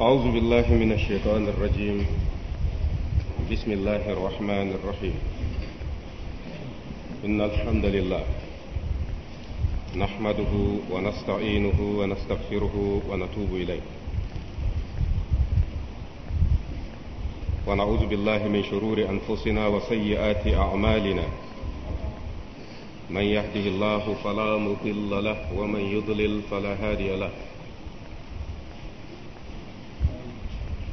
أعوذ بالله من الشيطان الرجيم بسم الله الرحمن الرحيم إن الحمد لله نحمده ونستعينه ونستغفره ونتوب إليه ونعوذ بالله من شرور أنفسنا وسيئات أعمالنا من يهده الله فلا مضل له ومن يضلل فلا هادي له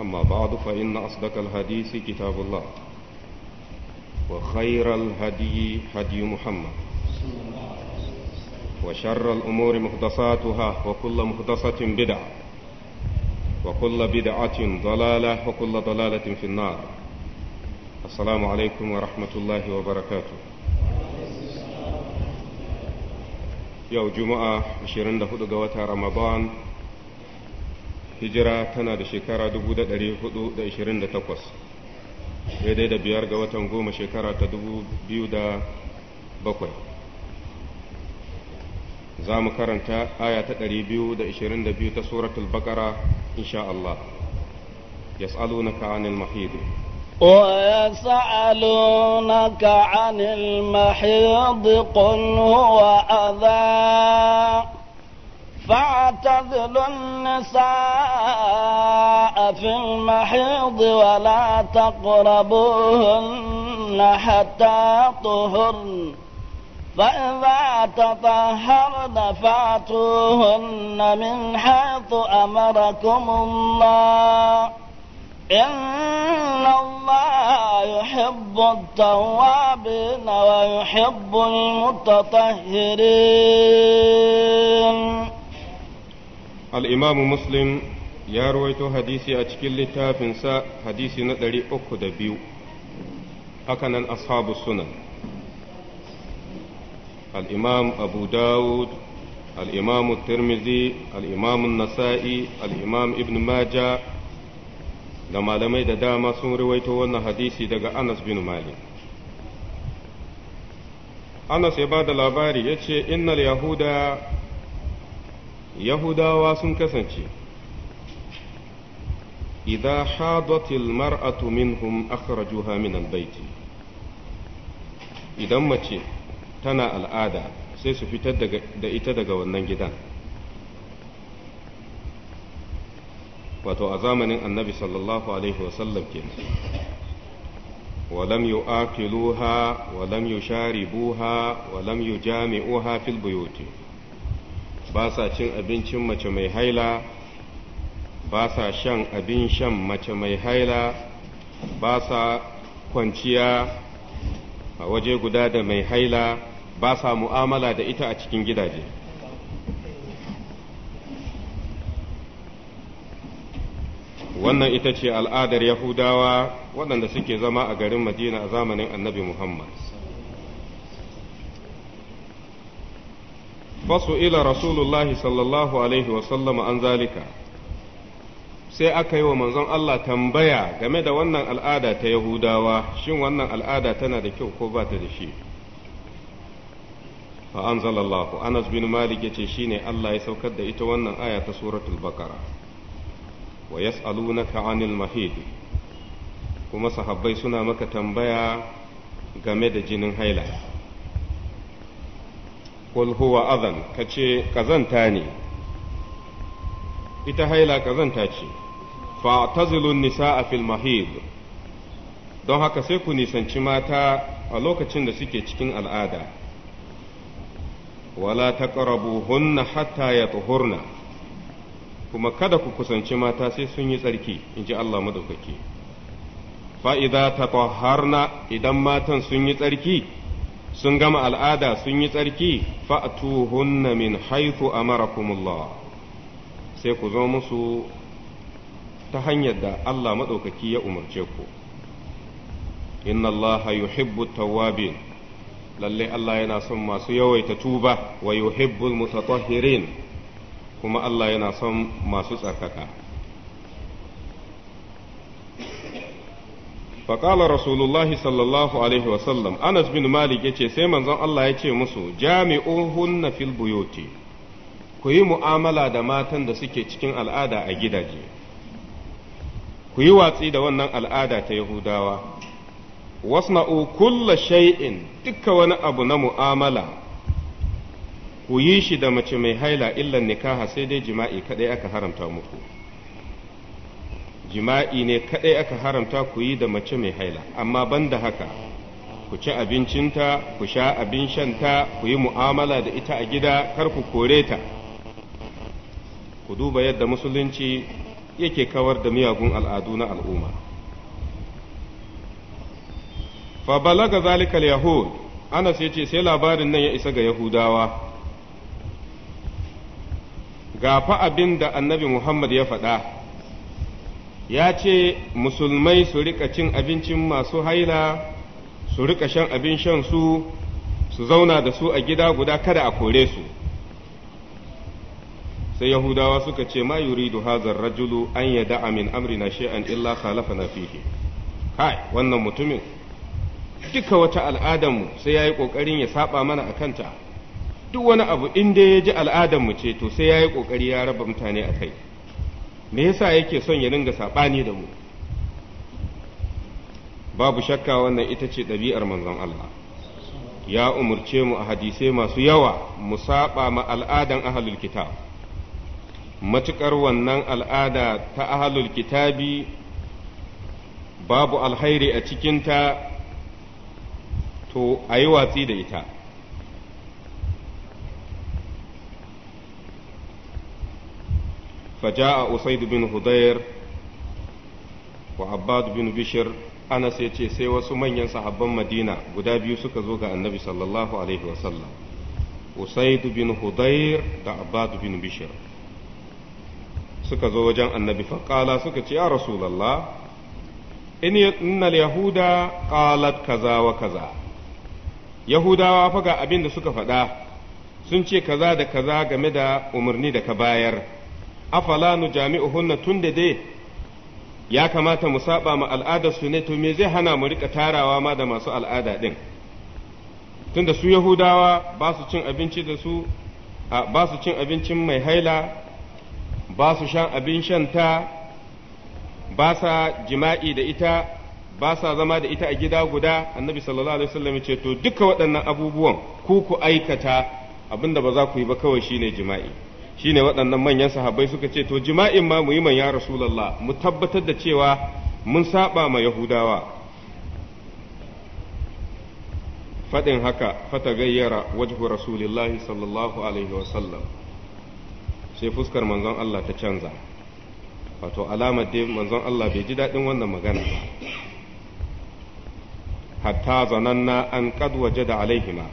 أما بعد فإن أصدق الحديث كتاب الله وخير الهدي هدي محمد وشر الأمور محدثاتها وكل محدثة بدعة وكل بدعة ضلالة وكل ضلالة في النار السلام عليكم ورحمة الله وبركاته يوم جمعة 24 رمضان hijira tana da shekara 428 daidai da biyar ga watan goma shekara ta 2007 za mu karanta aya ta 222 ta suratul bakara insha Allah yas'alunaka 'anil mahid ويسألونك عن المحيض قل هو أذى فاعتذلوا النساء في المحيض ولا تقربوهن حتى طهرن فإذا تطهرن فاتوهن من حيث أمركم الله إن الله يحب التوابين ويحب المتطهرين al'imamu muslim ya ruwaito hadisi a cikin littafinsa hadisi na ɗari uku da biyu hakanan ashabu sunan al'imam abu dawud al'imamu tirmizi al'imamun nasa'i al'imam ibn maja da malamai da dama sun ruwaito wannan hadisi daga anas bin malik anas ya ba da labari ya ce innal yahuda yahudawa sun kasance idza hadatil mar'atu minhum akhrajuha min albayti idan mace tana al'ada sai su fitar da ita daga wannan gidan wato a zamanin annabi sallallahu alaihi wasallam kenan ولم يؤكلوها ولم يشاربوها ولم يجامعوها في البيوت ba sa cin abincin mace mai haila ba sa shan abin shan mace mai haila ba sa kwanciya a waje guda da mai haila ba sa mu'amala da ita a cikin gidaje wannan ita ce al'adar yahudawa waɗanda suke zama a garin madina a zamanin annabi muhammad fasu'ila rasulullahi sallallahu alaihi wasallama an zalika sai aka yi wa manzon Allah tambaya game da wannan al'ada ta Yahudawa shin wannan al'ada tana da kyau ko ba ta da shi fa anzalallahu Anas bin Malik yace shine Allah ya saukar da ita wannan aya ta suratul Baqara wa yas'alunaka 'anil mahid kuma sahabbai suna maka tambaya game da jinin haila qul huwa adhan kace kazanta ne ita haila ƙazanta ce fa tazilun nisaa fil don haka sai ku nisanci mata a lokacin da suke cikin al'ada wala hunna hatta ya tuhurna kuma kada ku kusanci mata sai sun yi tsarki in ji Allah madaukaki fa'iza ta idan matan sun yi tsarki sun gama al'ada sun yi tsarki fa'tuhunna min mara amarakumullah sai ku zo musu ta hanyar da Allah maɗaukaki ya umarce ku inna Allah yuhibbu tawwabin lalle Allah yana son masu yawaita tuba wa yuhibbul mutatahhirin kuma Allah yana son masu tsarkaka faƙala rasulullahi sallallahu alaihi wasallam anas bin malik ya ce sai manzon Allah ya ce musu jami'uhunna fil buyuti ku yi mu'amala da matan da suke cikin al'ada a gidaje ku yi watsi da wannan al'ada ta yahudawa wasna'u kulla shay'in duka wani abu na mu'amala ku yi shi da mace mai haila illan nikaha sai dai jima'i kaɗai aka haramta muku jima'i ne kadai aka haramta ku yi da mace mai haila amma banda haka ku ci abincinta ku sha abin shanta ku yi mu'amala da ita a gida kar ku kore ta ku duba yadda musulunci yake kawar da miyagun al'adu na al'umma fa balaga zalikal yahud anas ce sai labarin nan ya isa ga yahudawa ga fa abin da annabi muhammad ya faɗa ya ce musulmai su rika cin abincin masu haila su rika shan abin shan su su zauna da su a gida guda kada a kore su sai yahudawa suka ce ma duha hazar rajulu an yada amin min amrina shi'an illa na fihi kai wannan mutumin duka wata al'adarmu sai ya yi ƙoƙarin ya saba mana a kanta duk wani abu inda ya ji al'adarmu ce to sai ya yi ƙoƙari ya raba mutane a kai me yasa yake son ya ringa saɓani da mu babu shakka wannan ita ce ɗabi'ar manzon Allah ya umarce mu a hadisai masu yawa mu saɓa ma al'adan ahalul kitab matuƙar wannan al'ada ta ahalul kitabi babu alhairi a cikinta to a yi watsi da ita فجاء أسيد بن هدير وعباد بن بشر أنا سيتي سيوى سمين صحابا مدينة قداب يوسف زوغا النبي صلى الله عليه وسلم أسيد بن هدير وعباد بن بشر suka zo wajen annabi faƙala suka ce ya rasulallah innal yahuda qalat kaza wa kaza yahudawa faga abin da suka faɗa sun ce kaza da kaza game da umarni da ka bayar afala nu jami'uhunna tunda dai ya kamata mu saba ma al'adar su ne to me zai hana mu rika tarawa ma da masu al'ada din tunda su yahudawa ba su cin abinci da su ba su cin abincin mai haila ba su shan abin shanta ba sa jima'i da ita ba sa zama da ita a gida guda annabi sallallahu alaihi wasallam ya ce to duka waɗannan abubuwan ku ku aikata abinda ba za ku yi ba kawai shine jima'i shine waɗannan manyan sahabbai suka ce to jima'in ma mu yi man ya rasulullah mu tabbatar da cewa mun saba ma yahudawa faɗin haka fata gayyara wajhu rasulillahi sallallahu alaihi wasallam sai fuskar manzon Allah ta canza wato alamar dai manzon Allah bai ji daɗin wannan magana ba hatta zananna an qad wajada alaihima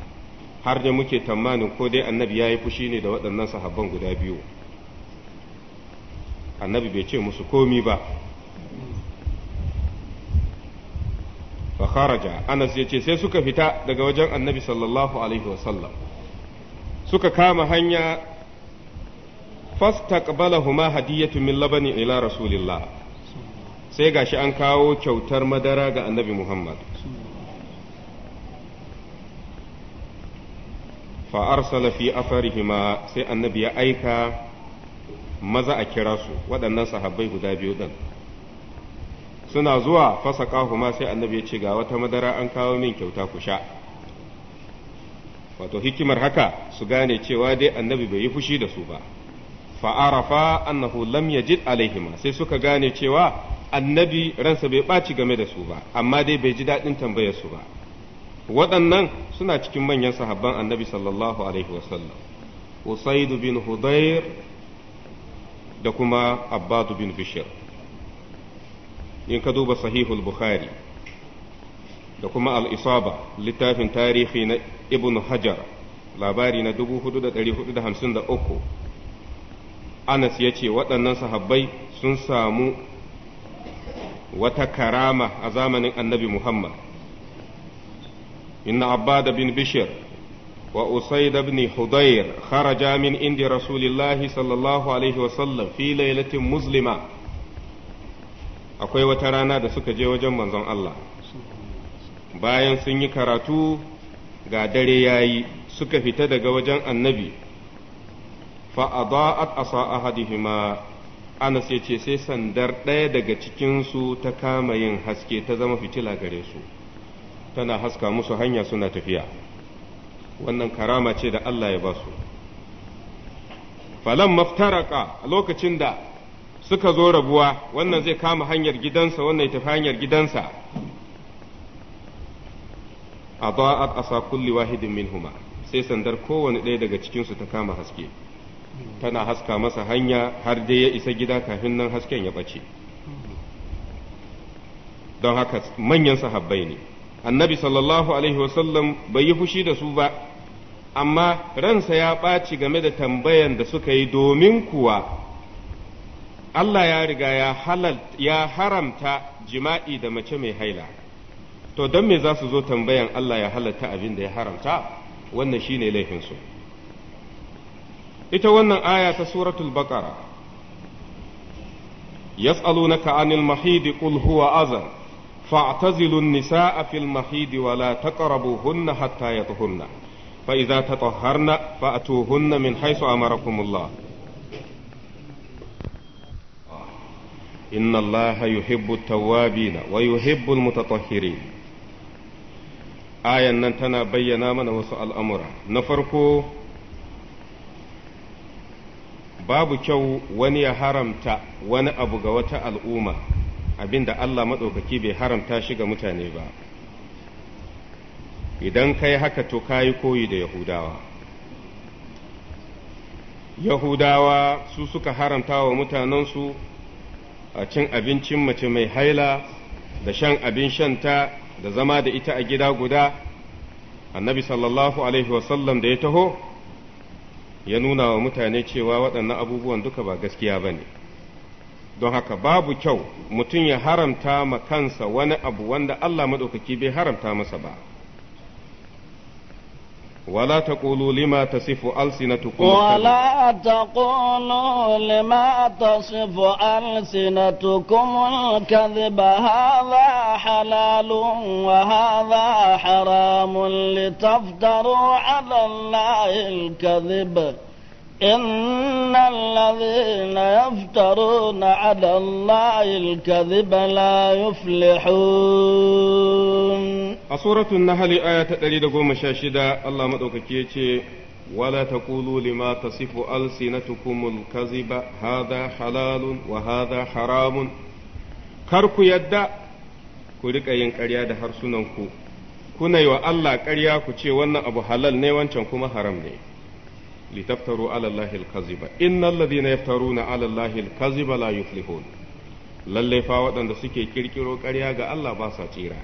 har da muke tamanin ko dai annabi ya yi fushi ne da waɗannan sahabban guda biyu annabi bai ce musu komi ba fa kharaja anas ya ce sai suka fita daga wajen annabi sallallahu alaihi wasallam suka kama hanya fastaqbalahuma hadiyatu min labani ila rasulillah sai gashi an kawo kyautar madara ga annabi muhammad fa arsala fi asarihima sai annabi ya aika maza a kira su waɗannan sahabbai guda biyu ɗin suna zuwa fasa ma sai annabi ya ce ga wata madara an kawo min kyauta ku sha wato hikimar haka su gane cewa dai annabi bai yi fushi da su ba fa'arafa annahu lam yajid alaihima sai suka gane cewa annabi ransa bai ɓaci game da su ba amma dai bai ji daɗin tambayar su ba waɗannan suna cikin manyan sahabban annabi sallallahu alaihi wasallam usaid bin hudayr da kuma abbad bin bishir in ka duba sahihul bukhari da kuma al-isaba littafin tarihi na ibn hajar labari na 4453 anas ya ce waɗannan sahabbai sun samu wata karama a zamanin annabi muhammad إن عباد بن بشر وأسيد بن حضير خرجا من عند رسول الله صلى الله عليه وسلم في ليلة مظلمة akwai wata rana da suka je wajen manzon Allah bayan sun yi karatu ga dare yayi suka fita daga wajen annabi fa'adha'at asa ahadihima Anas ce sai sandar ɗaya daga cikinsu ta kama yin haske ta zama fitila gare su tana haska musu hanya suna tafiya wannan karama ce da Allah ya ba su falan maftaraka lokacin da suka zo rabuwa wannan zai kama hanyar gidansa wannan ya tafi hanyar gidansa a ba'ad asa kulli wahidin minhuma sai sandar kowane ɗaya daga cikinsu ta kama haske tana haska masa hanya har dai ya isa gida kafin nan hasken ya ɓace don haka manyan sahabbai ne annabi sallallahu alaihi wasallam bai yi fushi da su ba amma ransa ya ɓaci game da tambayan da suka yi domin kuwa Allah ya riga ya halal ya haramta jima'i da mace mai haila to don me za su zo tambayan Allah ya halatta abin da ya haramta wannan shine laifinsu ita wannan aya ta suratul baqara yas'alunaka anil mahidi qul huwa azan فاعتزلوا النساء في المحيض ولا تقربوهن حتى يطهرن فإذا تطهرن فأتوهن من حيث أمركم الله إن الله يحب التوابين ويحب المتطهرين آية nan tana bayyana mana wasu al'amura na farko babu kyau wani ya haramta wani abu ga wata al'umma Abin da Allah maɗaukaki bai haramta shi ga mutane ba idan ka yi haka to ka yi koyi da yahudawa yahudawa su suka haramta wa mutanensu a cin abincin mace mai haila da shan abin shanta da zama da ita a gida guda annabi sallallahu alaihi wasallam da ya taho ya nuna wa mutane cewa waɗannan abubuwan duka ba gaskiya ba ne don haka babu kyau mutum ya haramta ma kansa wani abu wanda Allah maɗaukaki bai haramta masa ba ولا تقولوا لما تصف ألسنتكم ولا تقولوا لما تصف ألسنتكم الكذب هذا حلال وهذا حرام لتفتروا على الله الكذب إن الذين يفترون على الله الكذب لا يفلحون أصورة النهل آية تقريد قوم شاشدة الله مدوك كيتي ولا تقولوا لما تصف ألسنتكم الكذب هذا حلال وهذا حرام كركو يدا كريك أين كريا دهر سننكو كنا يو الله كريا كتي وانا أبو حلال ني وانشان كما حرام ني litaftaru ala Allahil na innal ladina yaftaruna ala Allahil kaziba la yuflihun lalle fa waɗanda suke kirkiro ƙarya ga Allah ba sa tsira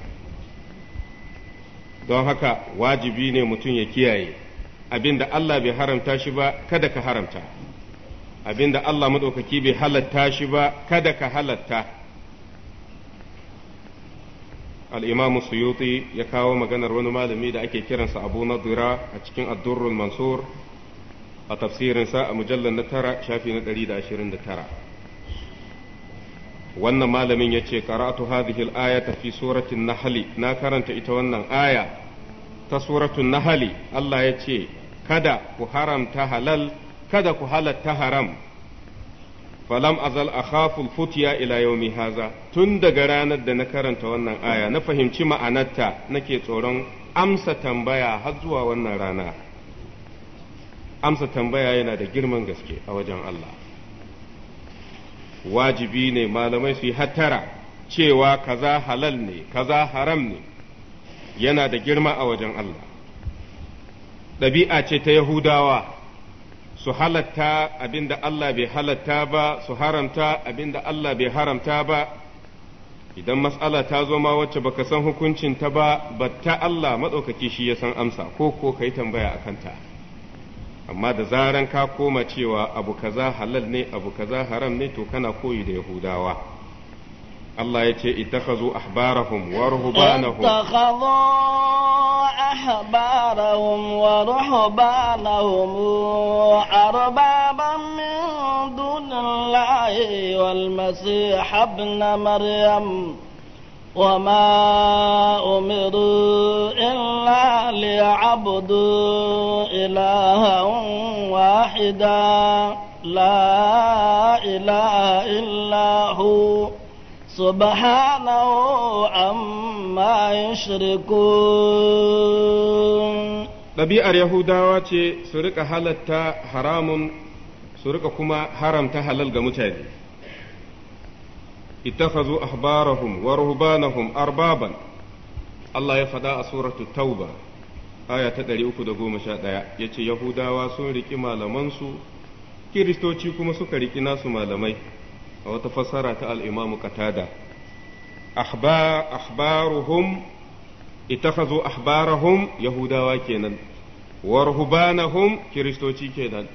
don haka wajibi ne mutum ya kiyaye abinda Allah bai haramta shi ba kada ka haramta abinda Allah maɗaukaki bai halatta shi ba kada ka halatta al'imamu suyuti ya kawo maganar wani malami da ake kiransa abu nadira a cikin addurrul mansur a tafsirinsa a mujallar na tara shafi na tara wannan malamin ya ce karatu hadhihi aya ayata fi suratin nahli na karanta ita wannan aya ta suratun nahali Allah ya ce kada ku haramta halal kada ku halatta haram falam azal akhaful futiya ila yaumi haza tun daga ranar da na karanta wannan aya na fahimci ma'anarta nake tsoron amsa tambaya har zuwa wannan rana amsa tambaya yana da girman gaske a wajen Allah wajibi ne malamai su yi hattara cewa kaza halal ne kaza haram ne yana da girma a wajen Allah ɗabi'a ce ta Yahudawa su halatta abinda Allah bai halatta ba su haramta abinda Allah bai haramta ba idan matsala ta zo ma wacce baka san hukuncin ta ba batta Allah maɗaukaki shi ya san amsa ko ko ka yi tambaya a kanta. amma da zaran ka koma cewa abu kaza halal ne abu kaza haram ne to kana koyi da yahudawa Allah ya ce ittakhazu ahbarahum wa ruhbanahum ittakhazu ahbarahum wa ruhbanahum arbaban min dunillahi wal masih ibn maryam وما أمروا إلا ليعبدوا إلها واحدا لا إله إلا هو سبحانه عما يشركون ɗabi'ar Yahudawa ce su rika halatta haramun su rika kuma haramta halal ga mutane. اتخذوا أحبارهم ورهبانهم أربابا الله يفدى سورة التوبة آية تدري أكو دقو مشاهدة يتي يهودا واسون ركي مالمانسو كيرستوشي كما سكا ركي ناسو مالمي وتفسرت الإمام قتادة أحبار أحبارهم اتخذوا أحبارهم يهودا وكينا ورهبانهم كيرستوشي كينا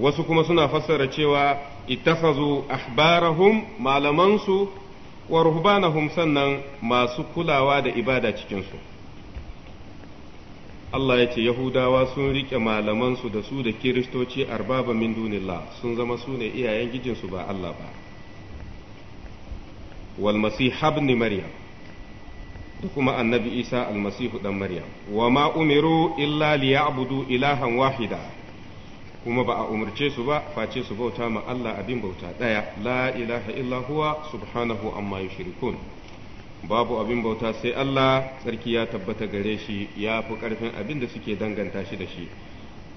wasu kuma suna fassara cewa ittakhazu ahbarahum malamansu wa ruhbanahum sannan masu kulawa da ibada cikinsu Allah ya ce Yahudawa sun riƙe malamansu da su da Kiristoci arbaba min dunillah sun zama sune iyayen gijinsu ba Allah ba wal masih ibn maryam da kuma annabi Isa almasihu dan maryam wa ma umiru illa liya'budu ilahan wahida kuma ba a umarce su ba face su bauta ma Allah abin bauta ɗaya la ilaha illa huwa subhanahu amma yushrikun babu abin bauta sai Allah tsarki ya tabbata gare shi ya fi karfin abin da suke danganta shi da shi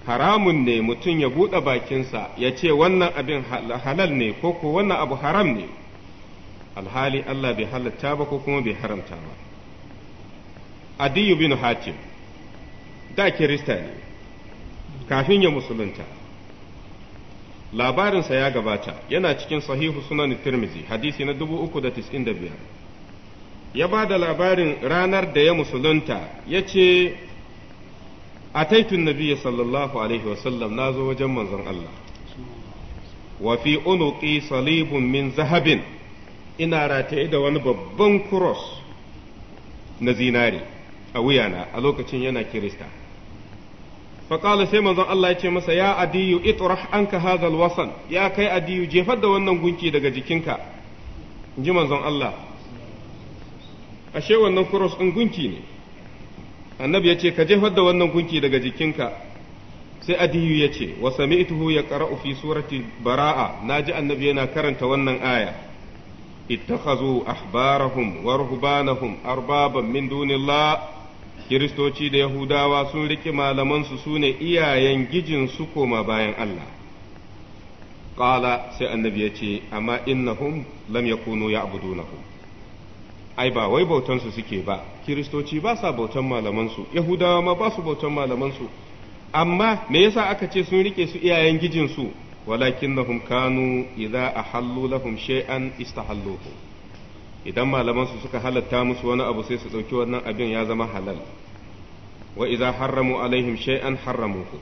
haramun ne mutum ya buɗe bakinsa ya ce wannan abin halal ne ko ko wannan abu haram ne alhali Allah bai halatta ba ko kuma bai haramta ba adiyu bin hatim da kirista ne kafin ya musulunta labarinsa ya gabata yana cikin sahihu sunan tirmizi hadisi na 395 ya ba da labarin ranar da ya musulunta ya ce a taitun nabiya sallallahu alaihi wasallam na zo wajen manzon Allah wa fi unuqi salibun min zahabin ina rataye da wani babban cross na zinare a wuyana a lokacin yana kirista faƙala sai manzon Allah ya ce masa ya adiyu itrah anka hadhal wasan ya kai adiyu jefar da wannan gunki daga jikinka in ji manzon Allah ashe wannan cross ɗin gunki ne annabi ya ce ka jefar da wannan gunki daga jikinka sai adiyu ya ce wa sami'tuhu ya qara'u fi surati bara'a naji annabi yana karanta wannan aya اتخذوا ahbarahum wa أربابا arbaban min الله kiristoci da yahudawa sun riƙe malamansu su ne iyayen gijin su koma bayan Allah ƙala sai annabi ya ce amma innahum lam yakunu ya'budunahum ai ba wai bautansu suke ba kiristoci ba sa bautan malamansu yahudawa ma ba su bautan malamansu amma me yasa aka ce sun rike su iyayen gijin su walakinnahum kanu idza ahallu lahum shay'an istahalluhu idan malamansu suka halatta musu wani abu sai su ɗauki wannan abin ya zama halal wa idza harramu alaihim shay'an harramuhu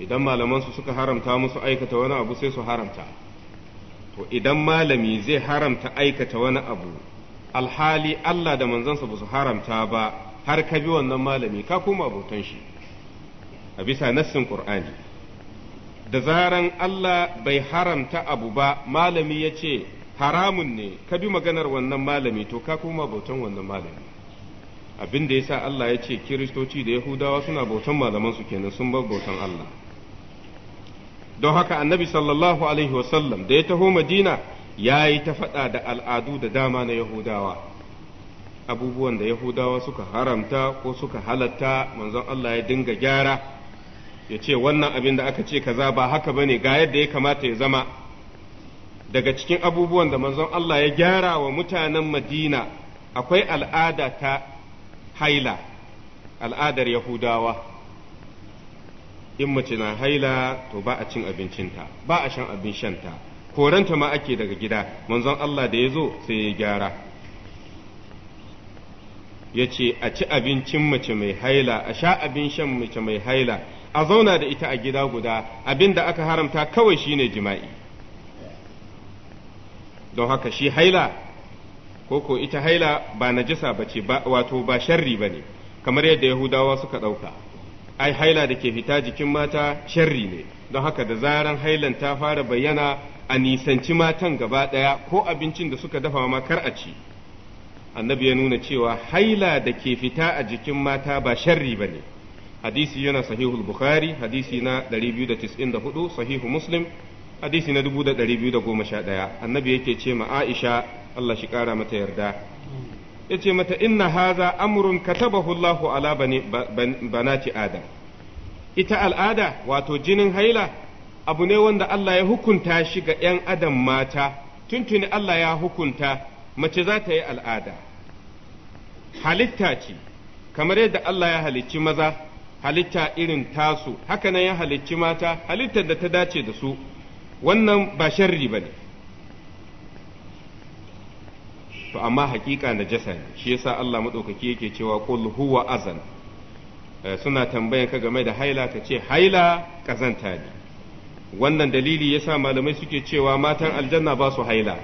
idan malamansu suka haramta musu aikata wani abu sai su haramta to idan malami zai haramta aikata wani abu alhali Allah da manzansa ba su haramta ba har ka bi wannan malami ka koma abotan shi a bisa nassin Qur'ani da zaran Allah bai haramta abu ba malami ya ce haramun ne ka bi maganar wannan malami to ka koma bautan wannan malami abin da yasa Allah ya ce kiristoci da yahudawa suna bautan malaman su kenan sun bar bautan Allah don haka annabi sallallahu alaihi wasallam da ya taho madina ya yi ta faɗa da al'adu da dama na yahudawa abubuwan da yahudawa suka haramta ko suka halatta manzon Allah ya dinga gyara ya ce wannan abin da aka ce kaza ba haka bane ga yadda ya kamata ya zama daga cikin abubuwan da manzon Allah ya gyara wa mutanen Madina akwai al'ada ta haila, al'adar Yahudawa. In mace na haila to ba a cin abincinta, ba a shan abin shanta, koranta ma ake daga gida, manzon Allah da ya zo sai ya gyara. Ya ce, A ci abincin mace mai haila, a sha abin shan mace mai haila, a zauna da ita a gida guda, abin da aka haramta kawai shine jima'i. don haka shi haila ko ko ita haila ba najasa bace ba wato ba sharri bane kamar yadda yahudawa suka ɗauka ai haila da ke fita jikin mata sharri ne don haka da zaran hailan ta fara bayyana a nisanci matan gaba ɗaya ko abincin da suka dafa ma kar a ci annabi ya nuna cewa haila da ke fita a jikin mata ba sharri ba ne hadisi yana sahihul bukhari hadisi na 294 sahihu muslim hadisi na 2211 annabi yake ce ma Aisha Allah shi kara mata yarda yace mata inna haza amrun katabahu Allah ala bani banati adam ita al'ada wato jinin haila abu ne wanda Allah ya hukunta shi ga 'yan adam mata tuntuni Allah ya hukunta mace za ta yi al'ada halitta ce kamar yadda Allah ya halicci maza halitta irin tasu haka nan ya halicci mata halittar da ta dace da su wannan ba sharri ba ne to amma hakika na jasa ne shi yasa Allah maɗaukaki yake cewa qul huwa azan eh, suna tambayan ka game da haila ka ce haila kazanta ne wannan dalili yasa malamai suke cewa matan aljanna ba su haila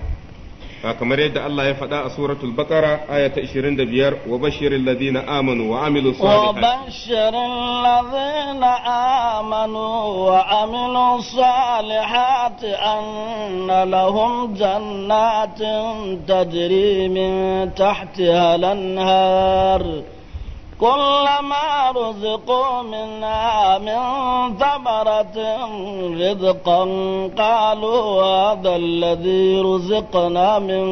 kamar yadda Allah ya faɗa a suratul baqara aya ta 25 wa bashirin ladina amanu wa amilu salihati wa bashiril ladina amanu wa amilu salihati anna lahum jannatin tajri min tahtiha al-anhar كلما رزقوا منها من ثمرة رزقا قالوا هذا الذي رزقنا من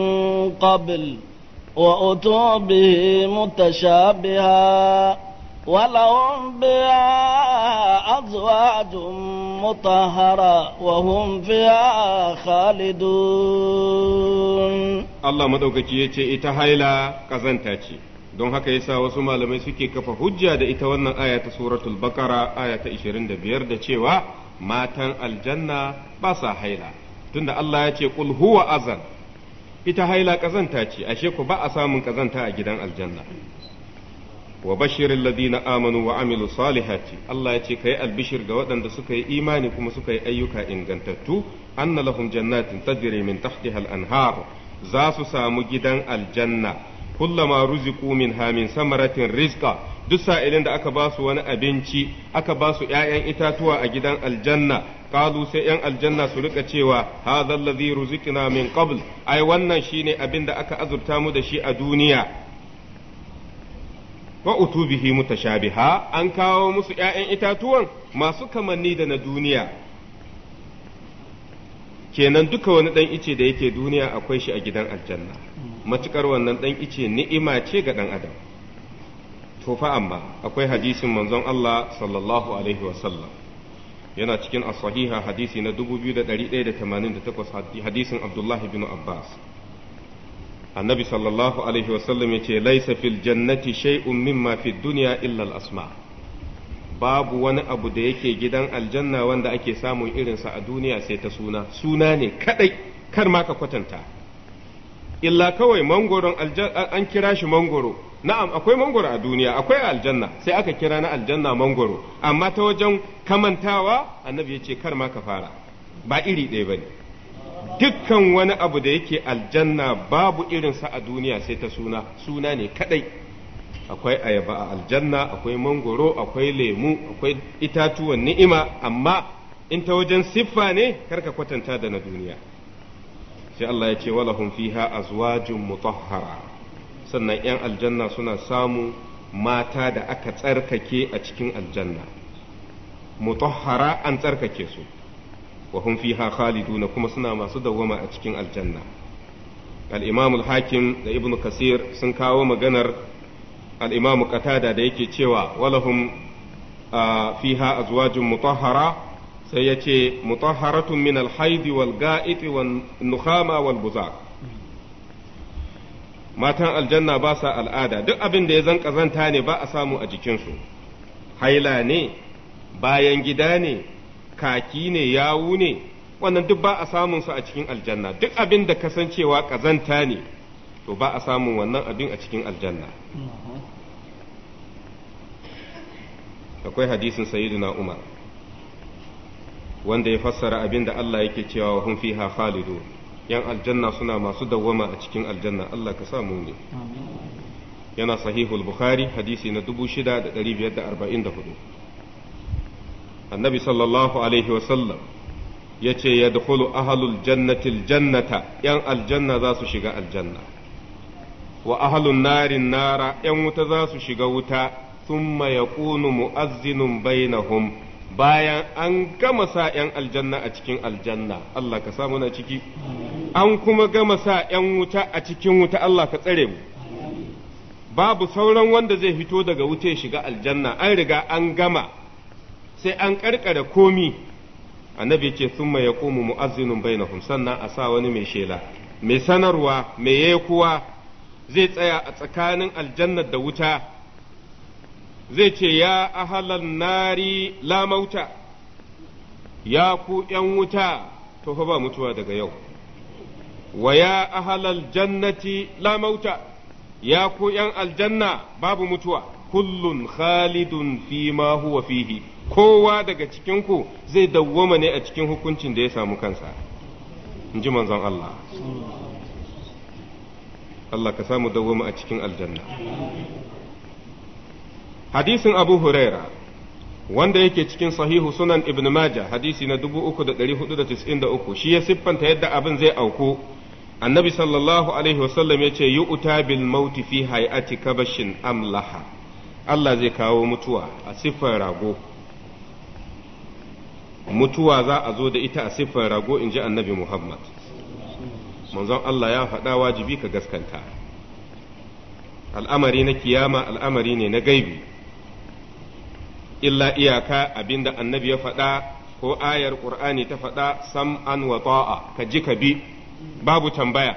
قبل وأتوا به متشابها ولهم بها أزواج مطهرة وهم فيها خالدون الله مدوكي يتي إتهايلا كزنتاتي don haka yasa wasu malamai suke kafa hujja da ita wannan aya ta suratul bakara aya ta 25 da cewa matan aljanna ba sa haila tunda Allah ya ce qul huwa azan ita haila kazanta ce ashe ku ba a samun kazanta a gidan aljanna wa bashirin ladina amanu wa amilu salihati Allah ya ce kai albishir ga waɗanda suka yi imani kuma suka yi ayyuka ingantattu anna lahum jannatin tajri min tahtiha al-anhar za su samu gidan aljanna kullama ruziqu min hamin samaratin rizqa duk sa'ilin da aka basu wani abinci aka basu ’ya'yan itatuwa a gidan aljanna kalu sai ’yan aljanna su rika cewa hadha allazi ruziqna min qabl ai wannan shine abin da aka azurta mu da shi a duniya wa utubihi mutashabiha an kawo musu ’ya'yan itatuwan masu kamanni da na duniya kenan duka wani ɗan ice da yake duniya akwai shi a gidan aljanna matukar wannan ɗan ice ni'ima ce ga ɗan adam to fa amma akwai hadisin manzon Allah sallallahu alaihi wa sallam yana cikin as-sahiha hadisi na 2188 hadisin Abdullah ibn Abbas annabi sallallahu alaihi wa ya ce laisa fil jannati shay'un mimma fid dunya illa al asma babu wani abu da yake gidan aljanna wanda ake samun irinsa a duniya sai ta suna suna ne kadai kar ma ka kwatanta illa kawai mangoron an kira shi mangoro na'am akwai mangoro a duniya akwai aljanna sai aka kira na aljanna mangoro amma ta wajen kamantawa annabi ya ce kar ma ka fara ba iri ɗaya bane dukkan wani abu da yake aljanna babu irin sa a duniya sai ta suna suna ne kadai akwai ayaba a aljanna akwai mangoro akwai lemu akwai itatuwan ni'ima amma in ta wajen siffa ne kar ka kwatanta da na duniya sai Allah ya ce walahum fiha azwajun mutahhara sannan yan aljanna suna samu mata da aka tsarkake a cikin aljanna mutahhara an tsarkake su wa hum fiha khaliduna kuma suna masu dawwama a cikin aljanna al-imam al-hakim da ibnu kasir sun kawo maganar al-imam qatada da yake cewa walahum ah, fiha azwajun mutahhara sai ya ce mutaharatun min alhaidi wal ga'iti wal nukhama wal matan aljanna ba sa al'ada duk abin da ya zan kazanta ne ba a samu a jikinsu haila ne bayan gida ne kaki ne yawu ne wannan duk ba a samun su a cikin aljanna duk abin da kasancewa kazanta ne to ba a samun wannan abin a cikin aljanna mhm. akwai hadisin sayyidina umar wanda ya fassara abin da Allah yake cewa wa hum khalidu yan aljanna suna masu dawwama a cikin aljanna Allah ka sa mu ne yana sahihul bukhari hadisi na 6544 annabi sallallahu alaihi wasallam ya ce ya dukulu ahalul jannatil yan aljanna za su shiga aljanna wa ahlun narin nara yan wuta za su shiga wuta thumma yaqunu mu'azzinun bainahum bayan an gama sa 'yan aljanna a cikin aljanna Allah ka samu na ciki an kuma gama sa 'yan wuta a cikin wuta Allah ka tsare mu babu sauran wanda zai fito daga wuta ya shiga aljanna an riga an gama sai an karkara komi annabi ce mai ya komu mu'azzinun bainahum sannan a sa wani mai shela mai sanarwa mai yekuwa zai tsaya a tsakanin aljannar da wuta zai ce ya ahalan nari la mauta ya ku ’yan wuta to fa ba mutuwa daga yau wa ya ahalal jannati la mauta ya ku ’yan aljanna babu mutuwa kullun khalidun fi ma huwa fihi kowa daga cikinku zai dawwama ne a cikin hukuncin da ya samu kansa in ji manzon Allah Allah ka samu dawwama a cikin aljanna hadisin abu huraira wanda yake cikin sahihu sunan ibn majah hadisi na 3493 shi ya siffanta yadda abin zai auku annabi sallallahu alaihi wasallam ya ce yi uta bil mauti fi hay'ati kabashin amlaha Allah zai kawo mutuwa a siffar rago mutuwa za a zo da ita a siffar rago in ji annabi muhammad manzon Allah ya faɗa wajibi ka gaskanta al'amari na kiyama al'amari ne na gaibi illa iyaka abinda annabi ya faɗa ko ayar ƙur'ani ta faɗa an wa ta'a ka ji ka bi babu tambaya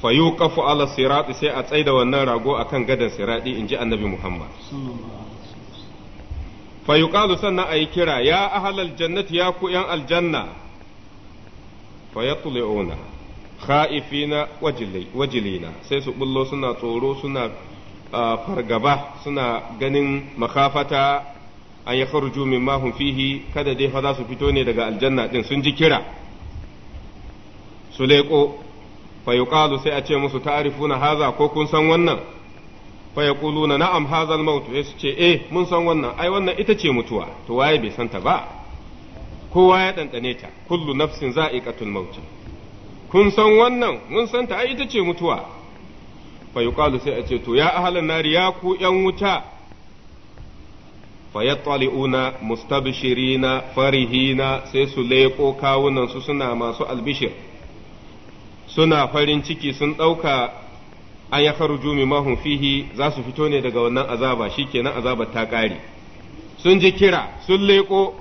fa kafu ala sirati sai a tsaida wannan rago akan gadan sirati inji annabi Muhammad fa yuqalu sannan ayi kira ya ahlal jannati ya ku yan aljanna fa yatlu'una na wajilina sai su bullo suna tsoro suna fargaba suna ganin makafata an ya kharuju min mahun fihi kada dai fa za su fito ne daga aljanna din sun ji kira su leƙo fa yuqalu sai a ce musu ta'rifuna haza ko kun san wannan fa yaquluna na'am haza al-maut sai su ce eh mun san wannan ai wannan ita ce mutuwa to waye bai santa ba kowa ya dandane ta kullu nafsin za'iqatul maut kun san wannan mun santa ai ita ce mutuwa fa sai a ce to ya ahlan nari ya ku yan wuta fa yattali'una mustabshirina farihina sai su leƙo. Kawunansu suna masu albishir suna farin ciki sun ɗauka an ya kharuju mahun fihi za su fito ne daga wannan azaba shikenan azabar ta ƙare sun ji kira sun leƙo.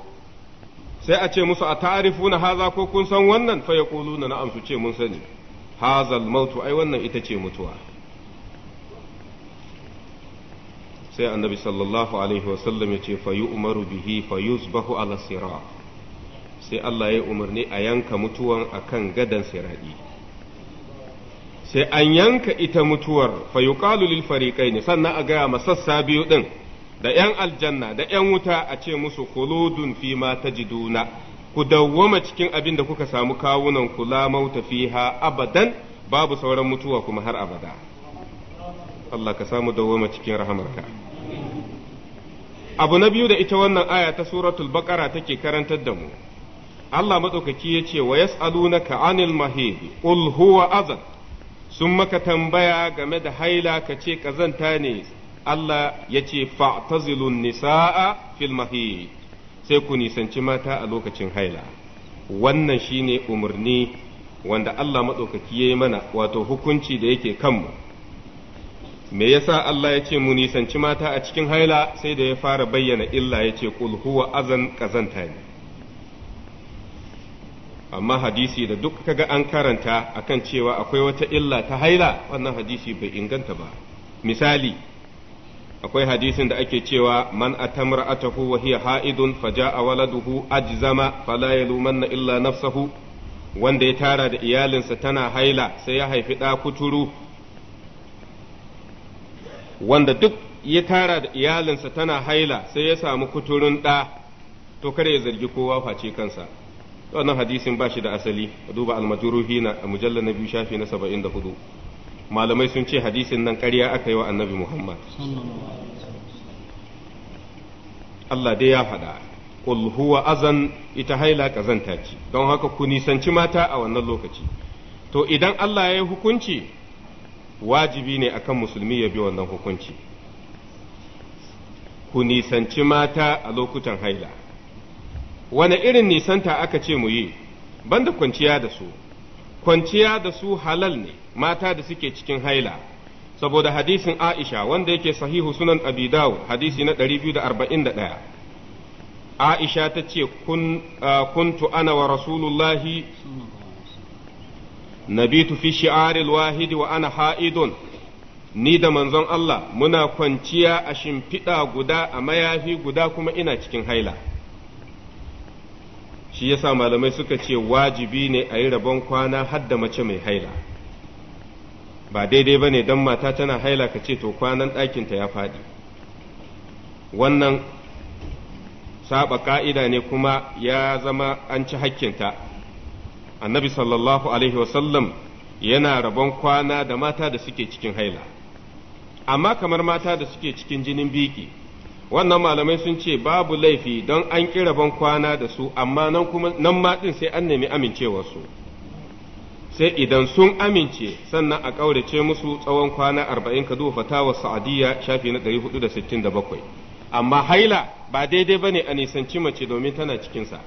sai a ce musu a ta'arifuna haza ko kun san wannan fa na na'am su ce mun sani hazal mautu ai wannan ita ce mutuwa sai annabi sallallahu alaihi wasallam ya ce fayu umaru bihi fayuzbahu ala sira sai Allah ya umarni a yanka mutuwan akan gadan siradi sai an yanka ita mutuwar fayuqalu lil fariqaini sannan a gaya sassa biyu din da ‘yan aljanna da ‘yan wuta a ce musu khuludun fi ma tajiduna ku dawwama cikin abin da kuka samu kawunan kula mauta fiha abadan babu sauran mutuwa kuma har abada Allah ka samu dawwama cikin rahamarka abu na biyu da ita wannan aya ta suratul baqara take karantar da mu Allah madaukaki yace wa yas'alunaka anil mahid qul huwa azan sun maka tambaya game da haila ka ce kazanta ne Allah yace ce fa'tazilun nisa'a fil mahid sai ku nisanci mata a lokacin haila wannan shine umarni wanda Allah madaukaki ya mana wato hukunci da yake kanmu me yasa Allah ya ce mu nisanci mata a cikin haila sai da ya fara bayyana illa ya ce qul huwa azan kazanta ne amma hadisi da duk kaga an karanta akan cewa akwai wata illa ta haila wannan hadisi bai inganta ba misali akwai hadisin da ake cewa man atamra atahu wa hiya ha'idun faja'a waladuhu ajzama fala yalumanna illa nafsahu wanda ya tara da iyalinsa tana haila sai ya haifi ɗa kuturu wanda duk ya tara da iyalinsa tana haila sai ya samu kuturun ɗa to kare ya zargi kowa face kansa wannan hadisin ba shi da asali duba almajuruhi na a mujallar na biyu shafi na saba'in da hudu malamai sun ce hadisin nan karya aka yi wa annabi muhammad Allah dai ya faɗa qul azan ita haila kazanta ce don haka ku nisanci mata a wannan lokaci to idan Allah ya yi hukunci wajibi ne akan musulmi ya bi wannan hukunci ku nisanci mata a lokutan haila wani irin nisanta aka ce mu yi banda kwanciya da su kwanciya da su halal ne mata da suke cikin haila saboda hadisin Aisha wanda yake sahihu sunan Abi hadisi na 241 Aisha ta ce ah, kuntu ana wa Rasulullahi nabitu fi shi'aril wahidi wa ana ha'idun ni da manzon Allah muna kwanciya a shimfiɗa guda a mayafi guda kuma ina cikin haila shi yasa malamai suka ce wajibi ne a yi rabon kwana hadda mace mai haila ba daidai ba ne don mata tana haila ka ce to kwanan ɗakinta ya faɗi wannan saba ka'ida ne kuma ya zama an ci hakkinta annabi sallallahu alaihi wasallam yana rabon kwana da mata da suke cikin haila amma kamar mata da suke cikin jinin biki wannan malamai sun ce babu laifi don an ki rabon kwana da su amma nan kuma nan ma sai an nemi amincewarsu sai idan sun amince sannan a ƙaurace musu tsawon kwana arba'in ka duba fatawa sa'adiyya shafi na ɗari hudu da sittin da bakwai amma haila ba daidai ba ne a nisanci mace domin tana cikinsa